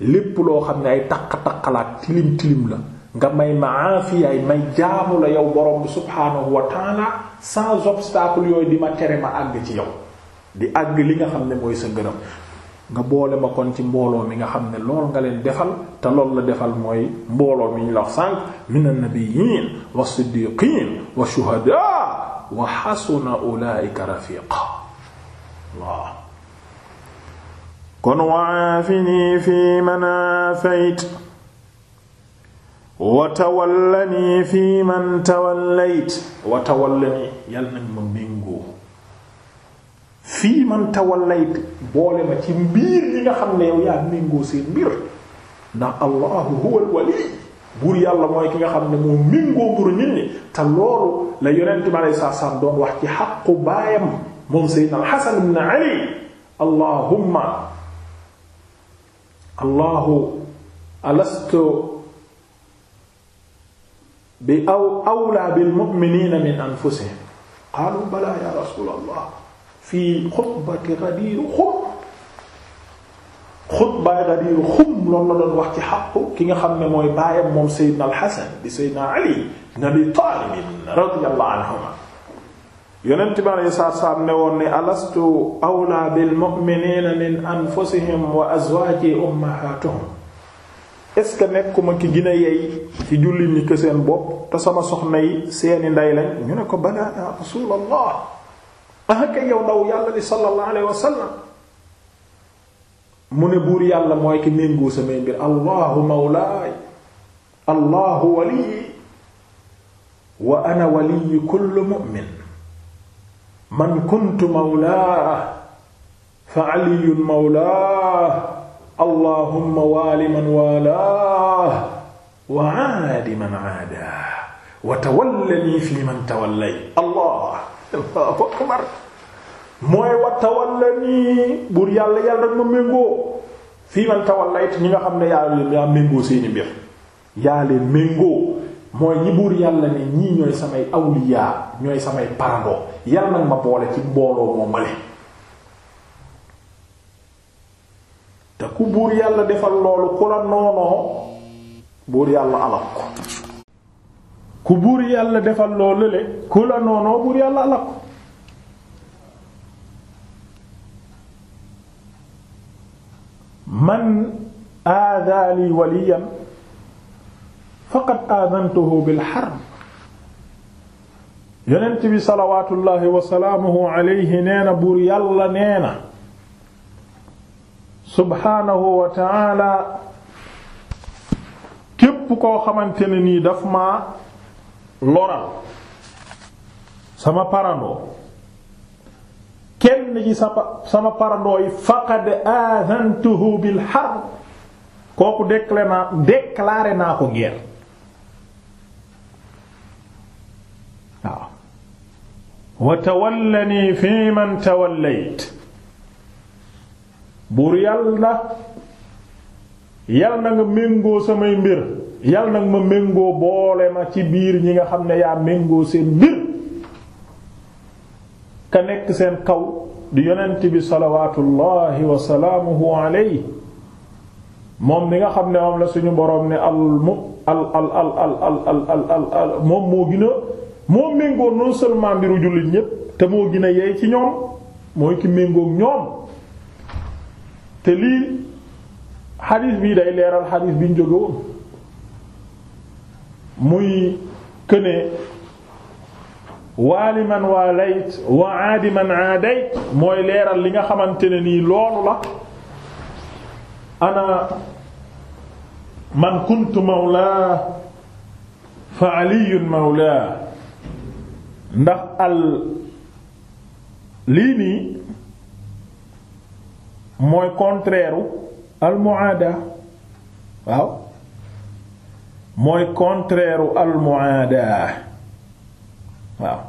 lépp loo xam ne ay taq taqalaat tilim tilim la nga may ma aafiyaay may jaamu la yow borom bi subhaanahu wa taala sans obstacle yooyu di ma tere ma àgg ci yow di àgg li nga xam ne mooy sa ngërëm nga boole ma kon ci mbooloo mi nga xam ne lool nga leen defal te lool la defal mooy mbooloo mi ñu la wax sànq min an-nabiyyin was-siddiqin wash-shuhada wa hasuna ulaika rafiqa waaw kon waafini fi man aafayt wa tawallani fi man tawallayt wa tawallani yàlla nag ma fii man tawallayt boole ma ci mbir yi nga xam ne yow yaa méngoo seen mbir ndax allahu huwa alwali buur yàlla mooy ki nga xam ne moo méngoo pour nit ñi te loolu la yonente bi alei sat selaam doon wax ci xaqu baayam moom sayyidna alxasan ibn ali allahumma allahu alastu bi aw awlaa bilmuminina min anfusihim qaalu bala ya rasul allah fii xutbati Ghadir Khoum xutbaay Ghadir Khoum loolu la doon wax ci xaqu ki nga xam ne mooy baayam moom Seydina Al-Hasan di Seydina Ali ibn Abi Talib anhuma yonent bi alastu awlaa bil mu'miniina min anfusihim wa azwaaji ummahatuhum est-ce que nekkuma ki gën yey ci jullit ñi que seen bopp te sama soxna yi seeni ndey lañ ñu ne ko balaa yaa Rasuulallah ah kay yow ndaw yàlla li sallallahu alayhi wa sallam mu ne buur yàlla mooy ki méngoo samay mbir allahu mawlaay allahu waliyi wa ana waliyi kulli mu'min man kuntu mawlaa fa aliyun mawlaa allahumma waali man waalaa wa aadi man aadaa wa tawallani fi man tawallay allah Allahu akbar mooy wa tawallani buur yàlla yàlla rek ma méngoo fii man tawallayt ñi nga xam ne yaa leen yaa méngoo seeni mbir yaa leen méngoo mooy ñi buur yàlla ne ñii ñooy samay awliya ñooy samay parandoo yàlla nag ma boole ci mbooloo moo male te ku buur yàlla defal loolu ku la noonoo buur yàlla alal ko ku buur yàlla defal loo lële ku la noonoo buur yàlla alak ko man aadaa li waliyan faqad aadantuhu bil harb yonent bi salawaatullahi wa salaamuhu alayhi nee na buur yàlla nee na subhaanahu wa taala képp koo xamante ne nii daf ma loral sama parandoo kenn ci sama sama parandoo yi faqad aadantuhu bil harb kooku déclaré naa déclaré naa ko geer waaw wa tawallani fi man tawallayt buur yàlla yàlla na nga méngoo samay mbir yal nag ma méngoo boole ma ci biir ñi nga xam ne yaa méngoo seen mbir ka nekk seen kaw di yonent bi salawaatullahi wa salaamuhu moom mi nga xam ne moom la suñu boroom ne al mu al al al al moom moo gën moo méngoo non seulement mbiru jullit ñépp te moo gën a ci ñoom mooy ki méngoog ñoom te lii xadiis bii day leeral xadiis bi ñu jóge muy këne waali man waalayt wa aadi man mooy leeral li nga xamante ne nii loolu la ana man kuntu mawlaa fa mawlaa ndax al lii nii mooy contraire al waaw mooy contraire u almuaadaa waaw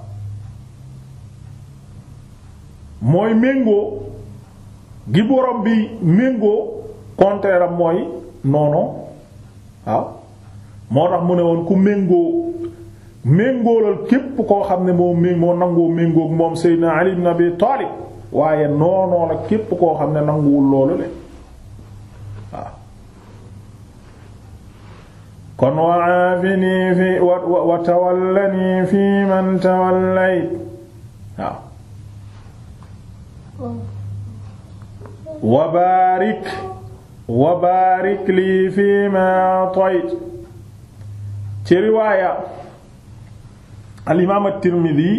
mooy méngoo gi borom bi méngoo contraire am mooy noono waaw moo tax mu ne woon ku méngoo méngoolal képp koo xam ne moo mé moo nangoo méngoo ak moom Seydina Ali ibn Abi Taalib waaye noonoo la képp koo xam ne nanguwul loolu le kon wa aafini fi wa tawallani fi man tawallay waaw wa baarik wa baarik lii fi ma atayt ci riwaaya al imaam at-Tirmidhi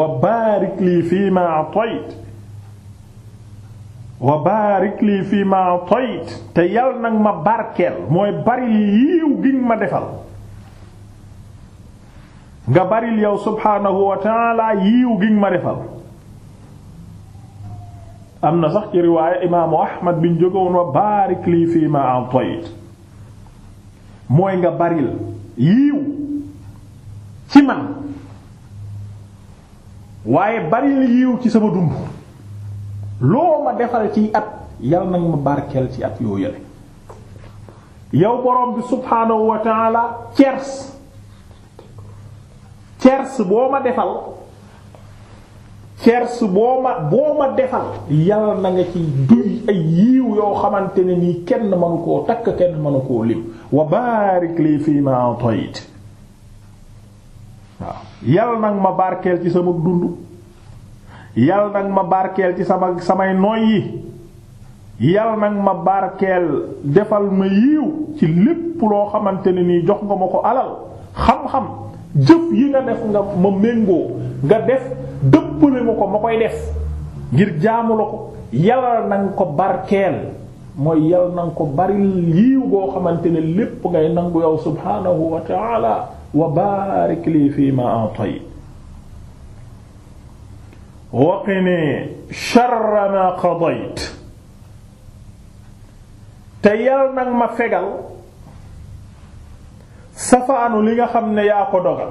wa baarik lii fi ma atayt wa barik lii fii ma a'tayt te yal nag ma barkeel mooy baril yiiw giñ ma defal nga baril yow subhaanahu wa taala yiiw giñ ma defal am na sax ci riwaaya imaamu ahmad biñ jógowoon wa barik lii fii ma a'tayt mooy nga baril yiiw ci man waaye baril yiiw ci sama dund loo ma defal ci at yal nañ ma barkeel ci at yoo yële yow borom bi subhaanahu wa taala cers cers boo ma defal cers boo ma boo ma defal yàlla na nga ci duy ay yoo xamante ne nii kenn mënu koo takk kenn mënu koo lim wa barik lii fii ma atayit waaw yàlla nag ma barkeel ci sama dund yal nag ma barkeel ci sama samay noy yi yal nag ma barkeel defal ma yiiw ci lépp loo xamante ne nii jox nga ma ko alal xam-xam jëf yi nga def nga ma méngoo nga def dëppale ma ko ma koy def ngir jaamu la ko yal nag ko barkeel mooy yal nag ko bari yiw goo xamante ne lépp ngay nangu yow subhaanahu wa ta'ala wa barik lii fii ma atay waqini sharra ma te yal nag ma fegal safaanu li nga xam ne yaa ko dogal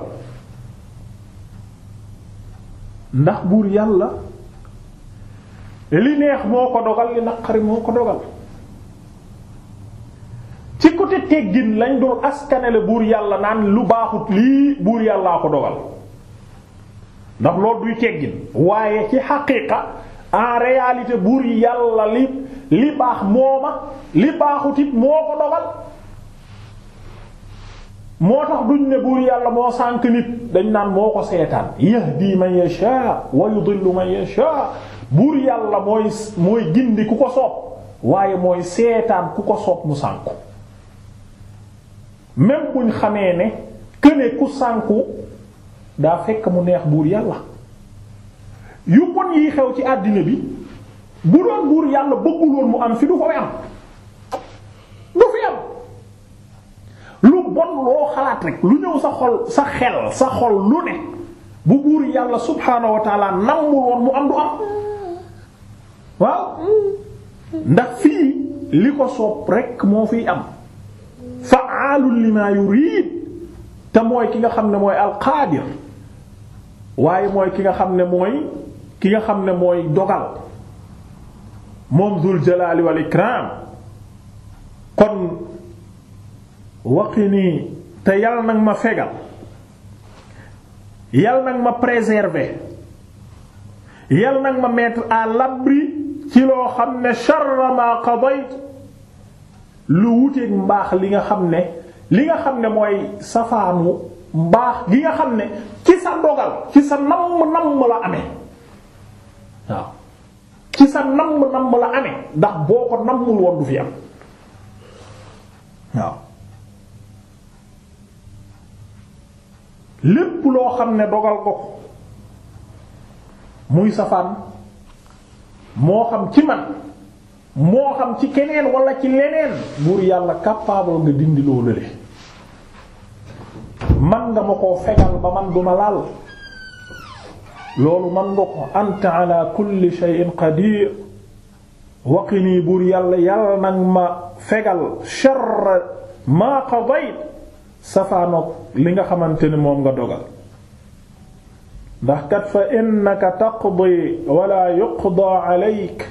ndax buur yàlla li neex moo ko dogal li naqari moo ko dogal ci côté teggin lañ dul askanele buur yàlla naan lu baaxut lii buur yàllaa ko dogal ndax loolu duy teggin waaye ci xaqiiqa en réalité buur yàlla li li baax mooma li baaxut it moo ko dogal moo tax duñ ne buur yàlla moo sànk nit dañ naan moo ko seetaan yahdi man yasha wa ma man yasha buur yàlla mooy mooy gindi ku ko soob waaye mooy seetaan ku ko soob mu sànku même buñ xamee ne këne ku sànku daa fekk mu neex buur yàlla yu bon yi xew ci àddina bi bu doon buur yàlla bëggul mu am fi du ko am du fi am lu bon loo xalaat rek lu ñëw sa xol sa xel sa xol lu ne bu buur yàlla subhaanahu wa taala mu am du am waaw ndax fii li ko soob rek moo fiy am fa'aalun limaa yuriid te mooy ki nga xam ne mooy alqaadir waaye mooy ki nga xam ne mooy ki nga xam ne mooy dogal moom dul jalaali wal ikraam kon nii te yàlla nag ma fegal yal nag ma préserver yal nag ma mettre à l'abri ci loo xam ne sharra ma qadayt lu wuteeg mbaax li nga xam ne li nga xam ne mooy safaanu mbaax gi nga xam ne ci sa dogal ci sa namm namm la amee waaw ci sa namm namm la amee ndax boo ko nammul woon du fi am waaw lépp loo xam ne dogal ko muy safaan moo xam ci man moo xam ci keneen wala ci leneen buur yàlla capable nga dindi loo lële man nga ma koo fegal ba man duma laal loolu man nga ko anta ala kulli shay'in qadir waqini buur yàlla yàlla nag ma fegal sharra maa qadayt safaanoog li nga xamante ni moom nga dogal ndax kat fa innaka taqdi wala yuqda alayk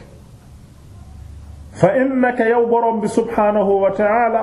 fa innaka yow bi subhaanahu wa ta'ala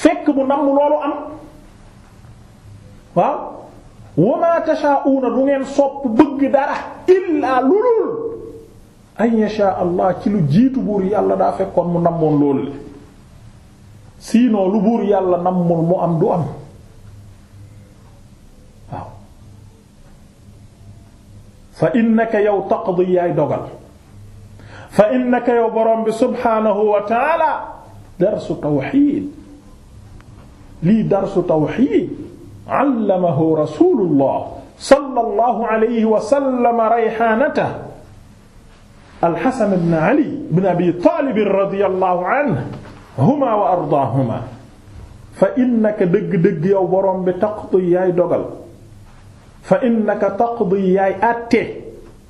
fekk mu namm loolu am waaw wa ma tashaa'una du ngeen sopp bëgg dara illaa lulul an yasha allah ci lu jiitu buur yàlla daa fekkoon mu nammoon loolu le sinon lu buur yàlla nammul mu am du am waaw fa innaka yow taqdi yaay dogal fa yow borom subhaanahu wa ta'ala darsu tawxiid lii darsu tawxiid allamahu rasulullah sallallahu alayhi wa sallam rayhaanatahu alxasan ibn ali ibn abi taalib radiyallahu anhumaa wa ardaahumaa fa innaka dëgg-dëgg yow borom bi taqdi yaay dogal fa innaka taqdi yaay àtte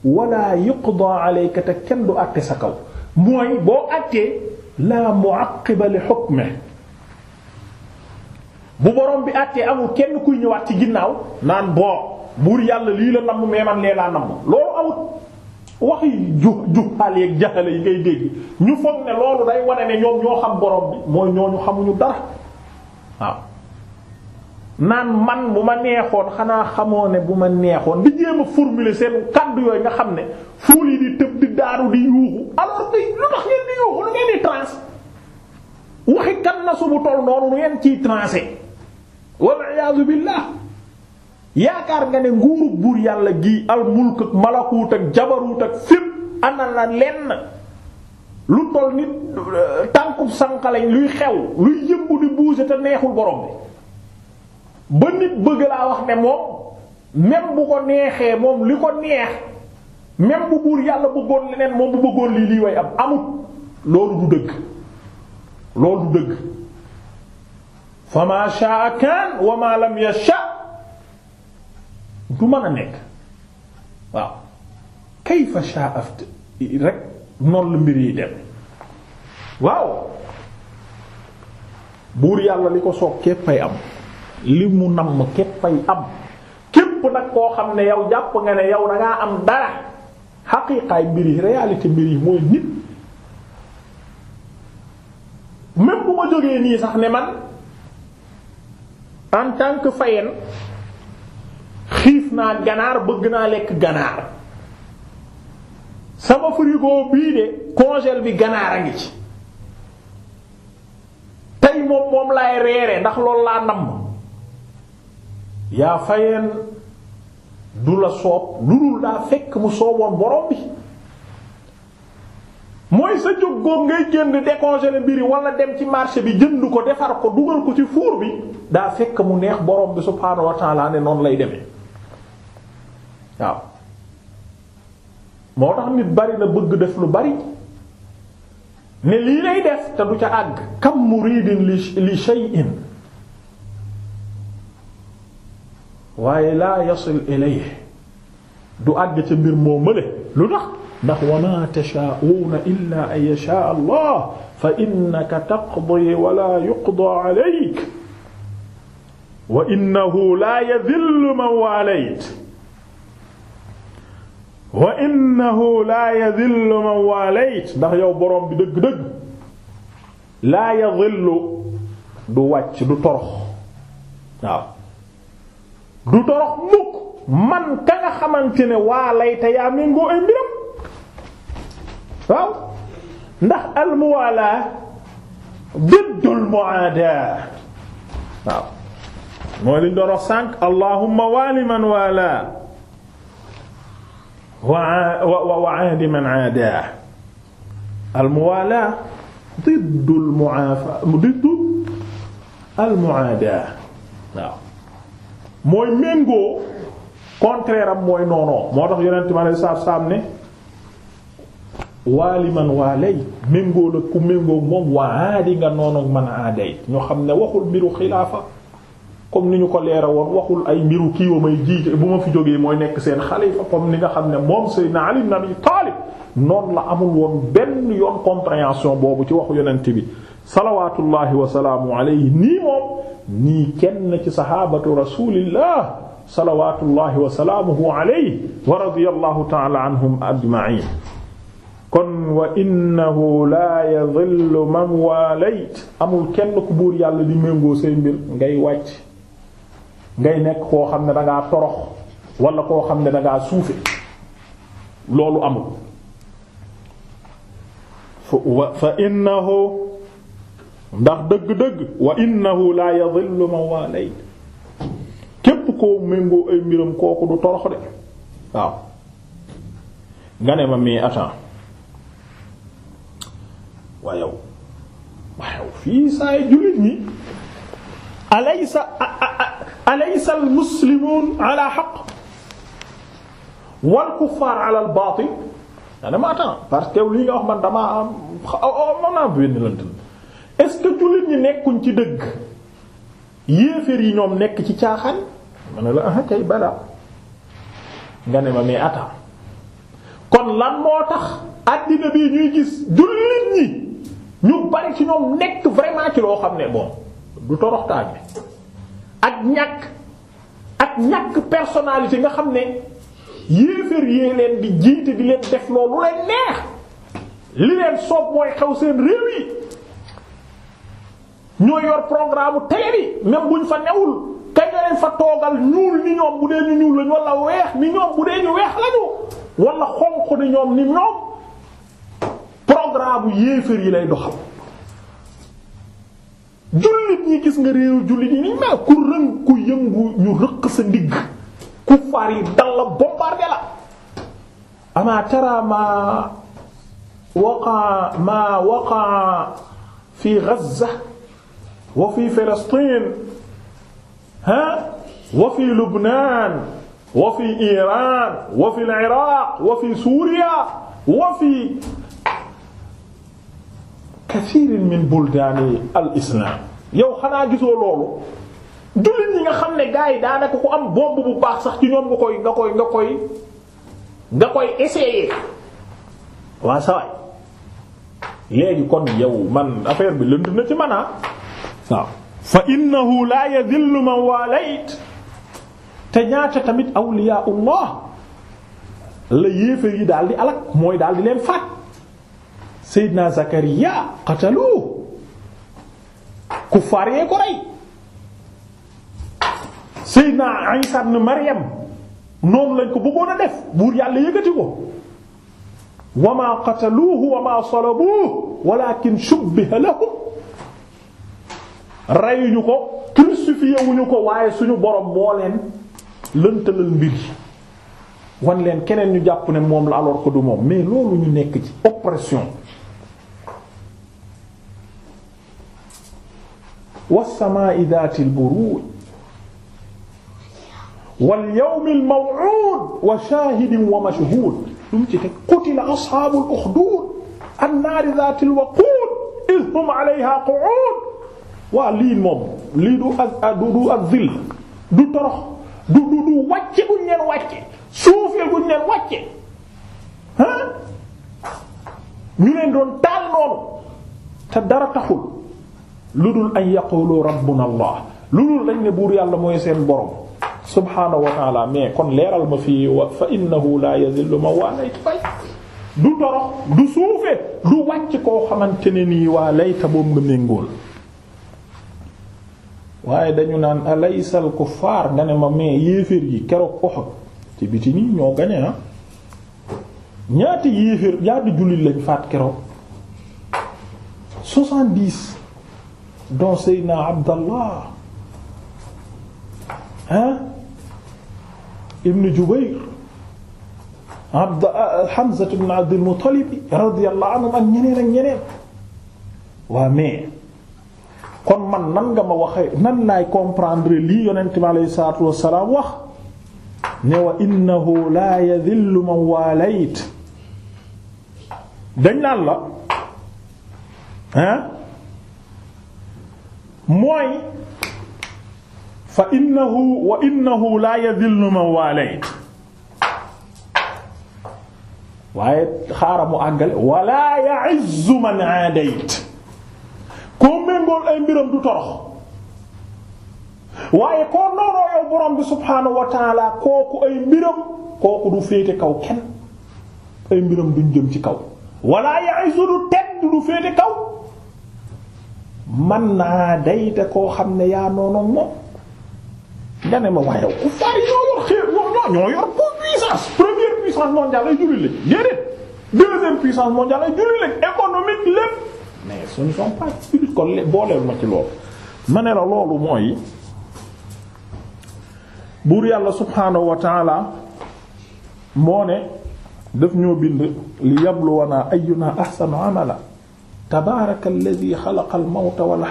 wala yuqdaa alayka te kenn du àtte sa kaw mooy boo àttee laa mucaqqiba li xukmihi bu borom bi àttee amul kenn kuy ñëwaat ci ginnaaw naan boo buur yàlla lii la namm mais man lee laa namm loolu amut wax yi ju juxaale ak jaxale yi ngay dégg ñu foog ne loolu day wane ne ñoom ñoo xam borom bi mooy ñooñu xamuñu dara waaw naan man bu ma neexoon xanaa xamoo ne bu ma neexoon di jéem a formuler seen kàddu yooyu nga xam ne fóol yi di tëb di daaru di yuuxu alors que lu tax ngeen di yuuxu lu ngeen di transe waxi kan na bu toll noonu lu wal iyaazu billah yaakaar nga ne nguurug buur yàlla gi al mulk ak malakuut ak jabaruut ak fépp ana la lenn lu toll nit euh, tànkub sànqalañ luy xew luy yëmb di bouger te neexul borom bi ba nit bëgg laa wax ne moom même bu ko neexee moom li ko neex même bu buur yàlla bëggoon leneen moom bu bëggoon lii lii way am amut loolu du dëgg loolu du dëgg fa maa sha'a kaan wa maa lam yasha du mën a nekk waaw kayfa sha'a rek noonu mbir yi dem waaw buur yàlla li ko soog képpay am li mu namm képpay am képp nag koo xam ne yow jàpp nga ne yow dangaa am dara xaqiiqaay mbir yi réalité mbir yi mooy nit même bu ma jógee nii sax ne man en tant que fayen xiif naa ganaar bëgg naa lekk ganaar sama frigo bii de congèle bi ganaar a ngi ci tey moom moom laay reere ndax lool laa nam yaa fayeen du la soob lu dul daa fekk mu sooboon borom bi mooy sa jóg góob ngay jënd décongeler mbir yi wala dem ci marché bi jënd ko defar ko dugal ko ci fuur bi daa fekk mu neex borom bi subhaanahu wa ne noonu lay demee waaw moo tax nit bari na bëgg def lu bari ne lii lay def te du ca àgg kam muridin li shay'in waaye laa yasil ilayhi du àgg ca mbir moo mële lu tax ndax wa ma tashaauna illa an yashaa allah fa innaka taqdi wala yuqda alayk wa innahu la yadhillu man walayt wa innahu la yadhillu man walayt ndax yow boroom bi dëgg-dëgg laa yadhillu du wàcc du torox waaw du torox mukk man ka nga xamante ne waa layta yaa méngoo ay mbiram waaw ndax almuwaalaa diddul muaadaa waaw mooy liñ doon wax sànq allahumma waali man waalaa wa wa aadi man aadaa almuwaalaa diddul muaafaa diddul almuaadaa waaw mooy méngoo contraire am mooy noonoo moo tax yonent ma ne saab saab ne waali man waalay méngóol ak ku méngóog moom waadi nga noonoog man aaday ñoo xam ne waxul mbiru xilaafa comme ni ñu ko leera woon waxul ay mbiru kiiwa may jiite bu ma fi jógee mooy nekk seen xalifa comme ni nga xam ne moom Seydina Ali ibn Abi Taalib noonu la amul woon benn yoon compréhension boobu ci waxu yonent bi salawatullahi wasalaamu alayhi nii moom nii kenn ci saxaabatu sahabatu rasulillah salawatullahi wasalaamuhu alayhi wa radiyallahu ta'ala anhum ajma'in kon wa innahu laa yadhillu man waalayt amul kenn ku buur yàlla di méngoo say mbir ngay wàcc ngay nekk koo xam ne dangaa torox wala koo xam ne dangaa suufe loolu amul fa innahu ndax dëgg-dëgg wa innahu laa yadhillu man waalayt képp koo méngoo ay mbiram kooku du torox de waaw nga ne ma mii attends wayow wayow fii saay jullit ñi alaysa alaysa al muslimun ala haqq wal kuffar ala al batil daa dama attend parce que lii nga wax man damaa am oh, oh, man naa benn lënt est-ce que jullit ñi nekkuñ ci dëgg yéeféer yi ñoom nekk ci caaxaan ma ne la ah kay balaa nga ne ma mais attend kon lan moo tax àddina bi ñuy gis jullit ñi ñu bari ci ñoom nekk vraiment ci loo xam ne bon du toroxtaaj bi ak ñàkk ak ñàkk personnalité nga xam ne yéefér yée leen bi jiite di leen def loolu leen neex li leen soob mooy xew seen réew yi ñoo yor programme télé bi même buñ fa newul kañ leen fa toogal ñuul ni ñoom bu dee ñu ñuul lañ weex ni ñoom bu dee ñu weex lañu wala xonq ni ñoom ni ñoom programme yéeféer yi lay doxal jullit ñi gis nga réew jullit yi nii mais ku rëng ku yëngu ñu rëq sa ndigg ku far yi dal la bombardé la ama tara ma waqa ma waqa fi Gaza wa fi Filastin ha wa fi Lubnan wa fi Iran wa fi al-Iraq wa fi Suuriya wa fi kathirin min buldaani al yow xanaa gisoo loolu jullit ñi nga xam ne gars yi daanaka ku am bomb bu baax sax ci ñoom nga koy nga koy nga koy nga waa sawaay léegi kon yow man affaire bi lënd na ci man a ah. waaw fa innahu la yadhillu man walayt te ñaata tamit awliyaa la yéefar yi daal di alak mooy daal di leen faat Seydina Zakariya qatalu kuffaar yee ko rey Seydina Isa ibn Maryam noonu lañ ko bëggoon a def buur yàlla yëkkati ko wa maa qataluuhu wa maa salabuuhu walaakin shubbiha reyuñu ko crucifié wuñu ko waaye suñu borom moo leen lëntalal mbir yi wan leen keneen ñu jàpp ne moom la alors que du moom mais loolu ñu nekk ci oppression was-samaa'i dhaatil buruuj wal yawmil maw'uud wa shaahidin wa mashhuud lu mu ci teg qutila ashaabul uxduud an-naari dhaatil waquud idh hum 'alayhaa qu'uud waa lii moom lii du ak ah, du du ak zill du torox du du du wàcce guñ leen wàcce suufee guñ leen wàcce ah ñu leen doon taal noonu te dara taxul. lu dul an yaqulu rabbuna allah lu dul dañ ne buur yàlla mooy seen borom subhaanahu wa taala mais kon leeral ma fii wa fa innahu la yazillu ma waalayta du torox du suufee du wàcc koo xamante ne nii waa layta boobu nga méngool waaye dañu naan alaysal kuffaar nga ne ma mais yéeféer yi keroog Uhud ci biti nii ñoo gañe ah ñaati yéeféer ñaati jullit lañ faat keroog don Seydina Abdallah ah ibn Jubayr Abd Hamza ibn Abd al-Muttalib radiyallahu anhum ak ñeneen ak ñeneen waa mais kon man nan nga ma waxee nan laay comprendre lii yonent bi alayhi salaatu wassalaam wax ne wa innahu laa yadhillu man waalayt dañ naan la ah mooy fa innahu wa innahu la yadhillu man walayt waaye xaaral mu àggale wala ya'izzu man aadayt koo méngool ay mbiram du torox waaye koo noonoo yow borom bi subhaanahu wa kooku ay mbiram kooku du féete kaw kenn ay mbiram duñ jëm ci kaw wala ya'izzu du tedd du féete kaw man naa day te koo xam ne yaa noonu moom nga ne ma waaye ku faar yi ñoo yor xeer ñoo ñoo yor pour puissance première puissance mondiale ay jullit lañ déedéet deuxième puissance mondiale ay jullit lañ économique lépp mais ce ne sont pas jullit kon booleel ma ci loolu ma ne la loolu mooy buur yàlla subhaanahu wa taala moo ne daf ñoo bind li yabluwanaa ayyunaa ahsanu amala tabaaraka alladi xalaqa al mawta wal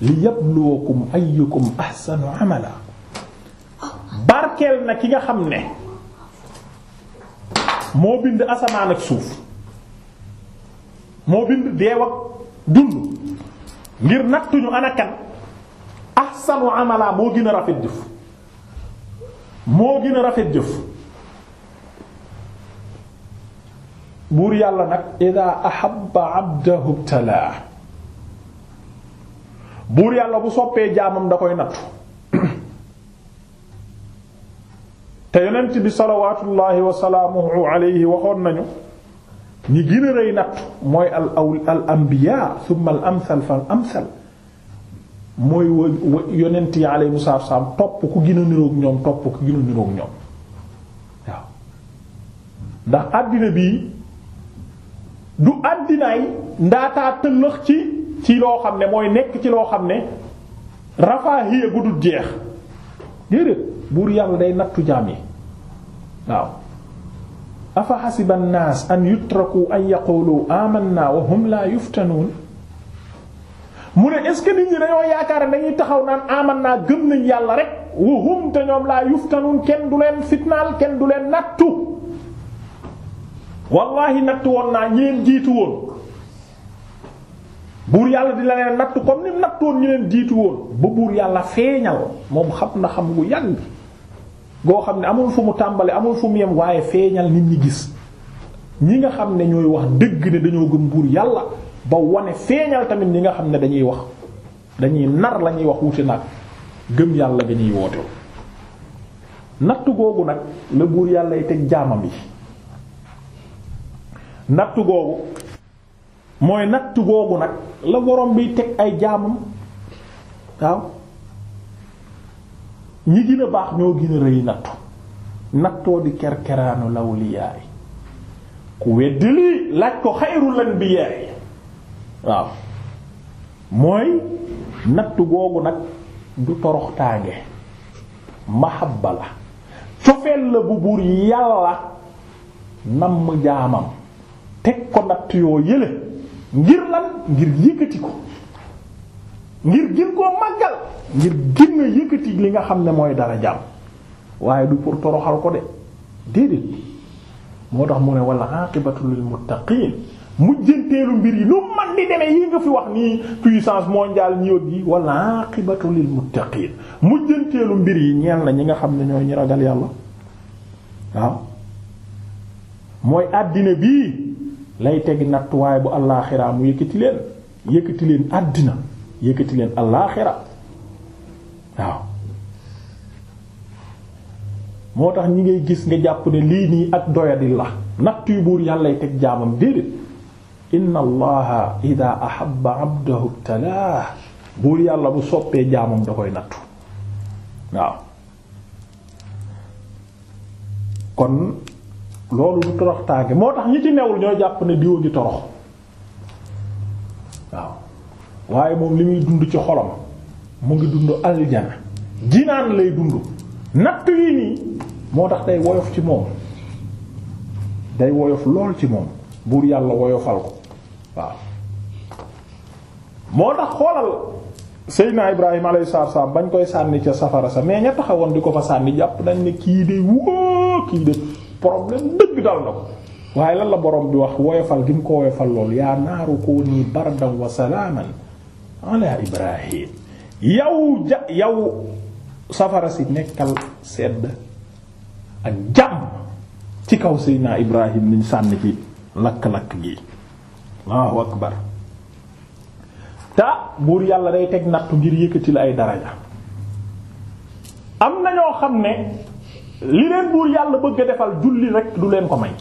li yabluwakum ayyukum ahsanu amala barkeel na ki nga xam ne moo bind asamaan suuf moo bind deew ak dund ngir nattuñu anakan ahsanu amala moo gën a rafet jëf moo gën a rafet jëf buur yàlla nag ida ahabba abdahu ibtalaa buur yàlla bu soppee jaamam da koy nattu te yonent bi salawatullahi wa salaamuhu waxoon nañu ñi gën a rëy nattu mooy al aw al anbiya topp ku gën a niroog ñoom topp ku gën niroog ñoom waaw ndax àddina bii du àddinaay ndaataa tëllëx ci ci loo xam ne mooy nekk ci loo xam ne rafaahiya gu du jeex déedéet buur yàlla day nattu jaam yi waaw afa xasiba nnaas an yutraku an yaqulu amanna wa hum la yuftanuun mu ne est-ce que nit ñi dañoo yaakaar dañuy taxaw naan amanna gëm nañ yàlla rek wa hum te ñoom la yuftanuun kenn du leen fitnaal kenn du leen nattu wallahi natt woon naa ñeen jiitu woon buur yàlla di la leen natt comme ni nattoon ñu leen jiitu woon ba buur yàlla feeñal moom xam na xam gu yàgg goo xam ne amul fu mu tàmbali amul fu mu yem waaye feeñal nit ñi gis ñi nga xam ne ñooy wax dëgg ne dañoo gëm buur yàlla ba wane feeñal tamit ñi nga xam ne dañuy wax dañuy nar lañuy wax wuute nag gëm yàlla ga ñuy wootewu natt googu nag la buur yàlla yi teg jaamam yi nattu googu mooy nattu googu nag la borom bi teg ay jaamam waaw ñi gën a baax ñoo gën a rëy nattu nattoo di kerkeraanu lawliyaa yi ku weddi lii laaj ko xayrul anbiyaa yi waaw mooy nattu googu nag du toroxtaange mahabba la cofeel la bu buur yàlla namm jaamam teg ko natt yoo yële ngir lan ngir yëkkati ko ngir gën koo màggal ngir gën a yëkkati li nga xam ne mooy dara jàmm waaye du pour toroxal ko de déedéet moo tax mu ne wala aqibatu lil muttaqin mujjanteelu mbir yi lu man di demee yi nga fi wax nii puissance mondiale ñi yi wala aqibatu lil muttaqin mujjanteelu mbir yi ñeel na ñi nga xam ne ñooy ñi ragal yàlla waaw mooy àddina bii lay teg nattuwaay bu allaaxira mu yëkkati leen yëkkati leen àddina yëkkati leen allaaxira waaw moo tax ñi ngay gis nga jàpp ne lii nii ak doyadi la nattu yu buur yàllay teg jaamam déedéet inna allaha ida ahabba abdahu ibtalah buur yàlla bu soppee jaamam da koy nattu waaw kon loolu du torox tànge moo tax ñi ci newul ñoo jàpp ne diwa gi torox waaw waaye moom li muy dund ci xolam mu ngi dund aljana jinaan lay dund natt yi nii moo tax day woyof ci moom day woyof lool ci moom buur yàlla woyofal ko waaw moo tax xoolal Seydina Ibrahima alayhi salaam bañ koy sànni ca safara sa mais ña taxawoon di ko fa sànni jàpp nañ ne kii de wóo kii de problème dëgg dal na ko waaye lan la borom bi wax woyofal gi mu ko woyofal lool yaa naaru kuuni bardan wa salaaman ala ibrahim yow ja yow safara si nekkal sedd ak jàmm ci kaw seydinaa ibrahim niñ sànni ci lakk-lakk gi allahu akbar ta buur yàlla day teg nattu ngir yëkkati la ay daraja am na ñoo xam ne li leen buur yàlla bëgg a defal julli rek du leen ko may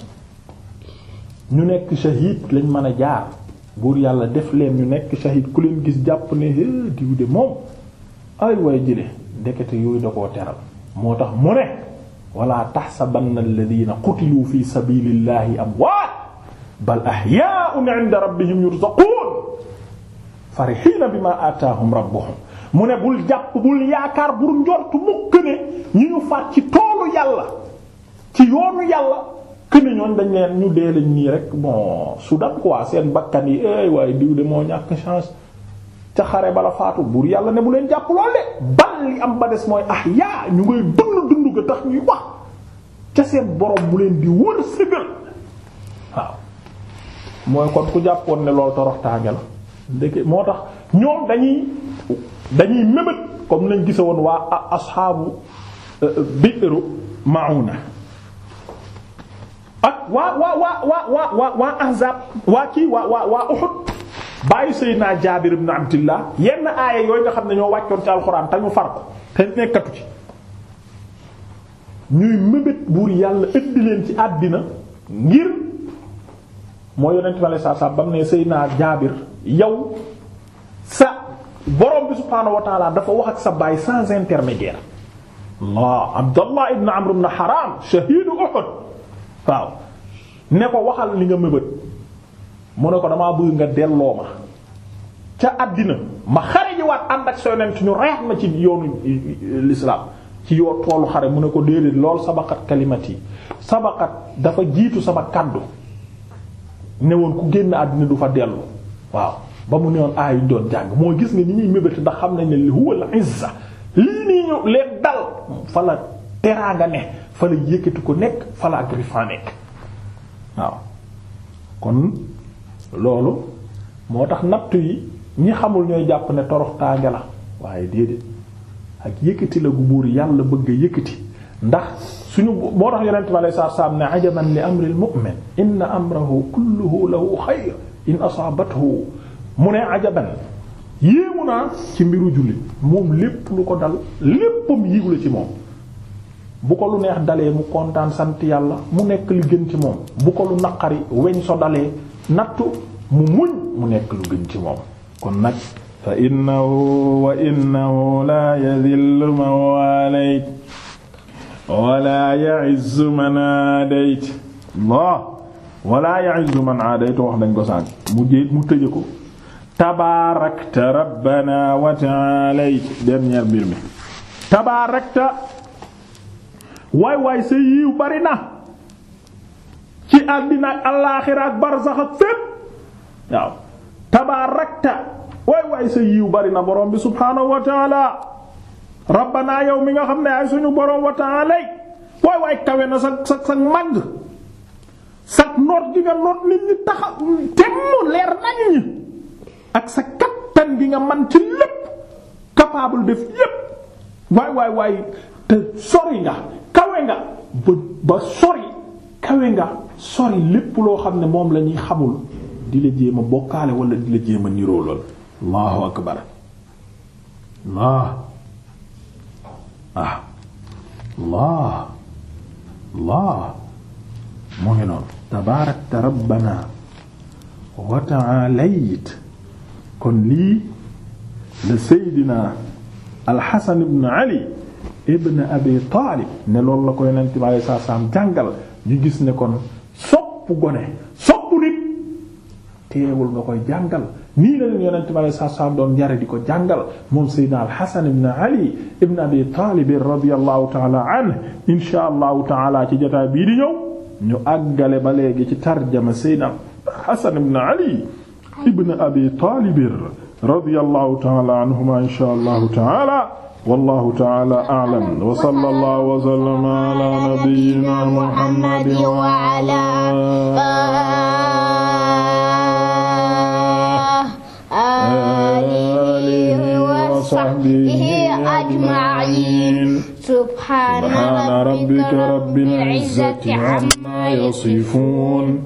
ñu nekk shahid lañ mën a jaar buur yàlla def leen ñu nekk shahid ku leen gis jàpp ne hee diw de moom ay waay jële ndekete yooyu da koo teral moo tax mu ne wala taxsabanna alladina qutilu fi sabilillahi amwaat bal ahyaa'un 'inda rabbihim yurzaqun farihiina bima aataahum rabbuhum mu ne bul jàpp bul yaakaar bul njortu mukk ne ñu ñu faat ci toolu yàlla ci yoonu yàlla këni ñoon dañ leen ñu dee lañ nii rek bon su daan quoi seen bakkan yi ay eh, waaye diw de moo ñàkk chance ca xare bala faatu buur yàlla ne bu leen jàpp lool de bal li am ba des mooy ah yaa ñu ngay dund dund ga tax ñuy wax ca seen borom bu leen di wër sëgal waaw mooy kon ku jàppoon ne loolu toroxtaange la ndeke moo tax ñoom dañuy dañuy mébét comme nañ gise woon waa asxaabu euh, euh, bi'ru mauna ak waa waa waa waa waa waa waa ahzab waa kii waa waa waa uhud bàyyi sayyidina jaabir ibn abdillah yenn aaya yooyu nga xam ne ñoo wàccoon ci alxuraan te ñu far ko te nekkatu ci ñuy mébét buur yàlla indi leen ci àddina ngir moo yonent bi sallallahu alayhi wasallam bam ne sayyidina jaabir yow sa borom bi subhaanahu wa dafa wax ak sa baay sans intermédiaire Allah Abdallah ibn Amr ibn Haram shahidu Uhud waaw ne ko waxal li nga mëbët mu ne ko damaa bëgg nga delloo ma ca àddina ma xare ji waat ànd ak sa yonent ñu reex ma ci yoonu l'islam ci toolu xare mu ne ko déedéet lool sabaqat kalimat yi sabaqat dafa jiitu sama kàddu ne woon ku génn àddina du fa dellu waaw ba mu newoon aay ñu doon jàng mooy gis nga ni ñuy mébéti ndax xam nañ ni huwa al izza lii nii ñu leen dal fa la teraanga ne fa la yëkkati ko nekk fa la agrifa nekk waaw kon loolu moo tax nattu yi ñi xamul ñooy jàpp ne toroxtaange la waaye déedéet ak yëkkati la gu buur yàlla bëgg a yëkkati ndax suñu moo tax yonent bi alayhi salaatu salaam ne ajaban li amril mu'min inna amrahu kulluhu lahu xayr in asaabathu mu ne ajaban yéemu naa ci mbiru jullit moom lépp lu ko dal léppam yiw ci moom bu ko lu neex dalee mu kontaan sant yàlla mu nekk li gën ci moom bu ko lu naqari weñ so dalee mu nekk lu gën ci moom kon nag fa innahu wa innahu la yadhillu ma walayt wa la ya'izzu man adayt Allah wa la ya'izzu man adayt wax nañ ko sànk mu jéet mu tëje ko tabaarakta rabbana wa ta'alayta dernier mbir mi tabaarakta waay waay sa yiw bari na ci àddina ak alaaxira ak barzax ak fépp waaw tabaarakta waay waay sa yiw bari na borom bi subhaanahu wa ta'ala rabbana yow mi nga xam ne ay suñu borom wa ta'alay waay waay kawe na sa sa sa noot gi noot nit ñi taxa temm leer nañ ak sa kattan gi nga man ci lépp capable def yépp waay waay waay te sori nga kawe nga ba sori kawe nga sori lépp loo xam ne moom la ñuy xamul di la jéem a bokkaale wala di la jéem a niroo lool allahu akbar allah ah allah allah mu ngi noonu tabaarakta rabbana wa ta'alayt kon lii le Seydina Al-Hasan ibn Ali ibn Abi Taalib ne loolu la ko yonent bi alayhi jàngal ñu gis ne kon sopp gone sopp nit teewul nga koy jàngal nii la leen yonent bi alayhi salaam ko jàngal moom Seydina Al-Hasan ibn Ali ibn Abi Taalib radiyallahu ta'ala anhu insha allahu ta'ala ci jotaay bii di ñëw ñu àggale ba léegi ci tarjama Seydina Al-Hasan Ali ibn abi taalib radiyallahu ta'ala anhuma insha allahu ta'ala wallahu ta'ala a'lam wa sallallahu wa sallama ala nabiyyina muhammad wa alihi wa sahbihi ajma'in subhana rabbika rabbil izzati amma yasifun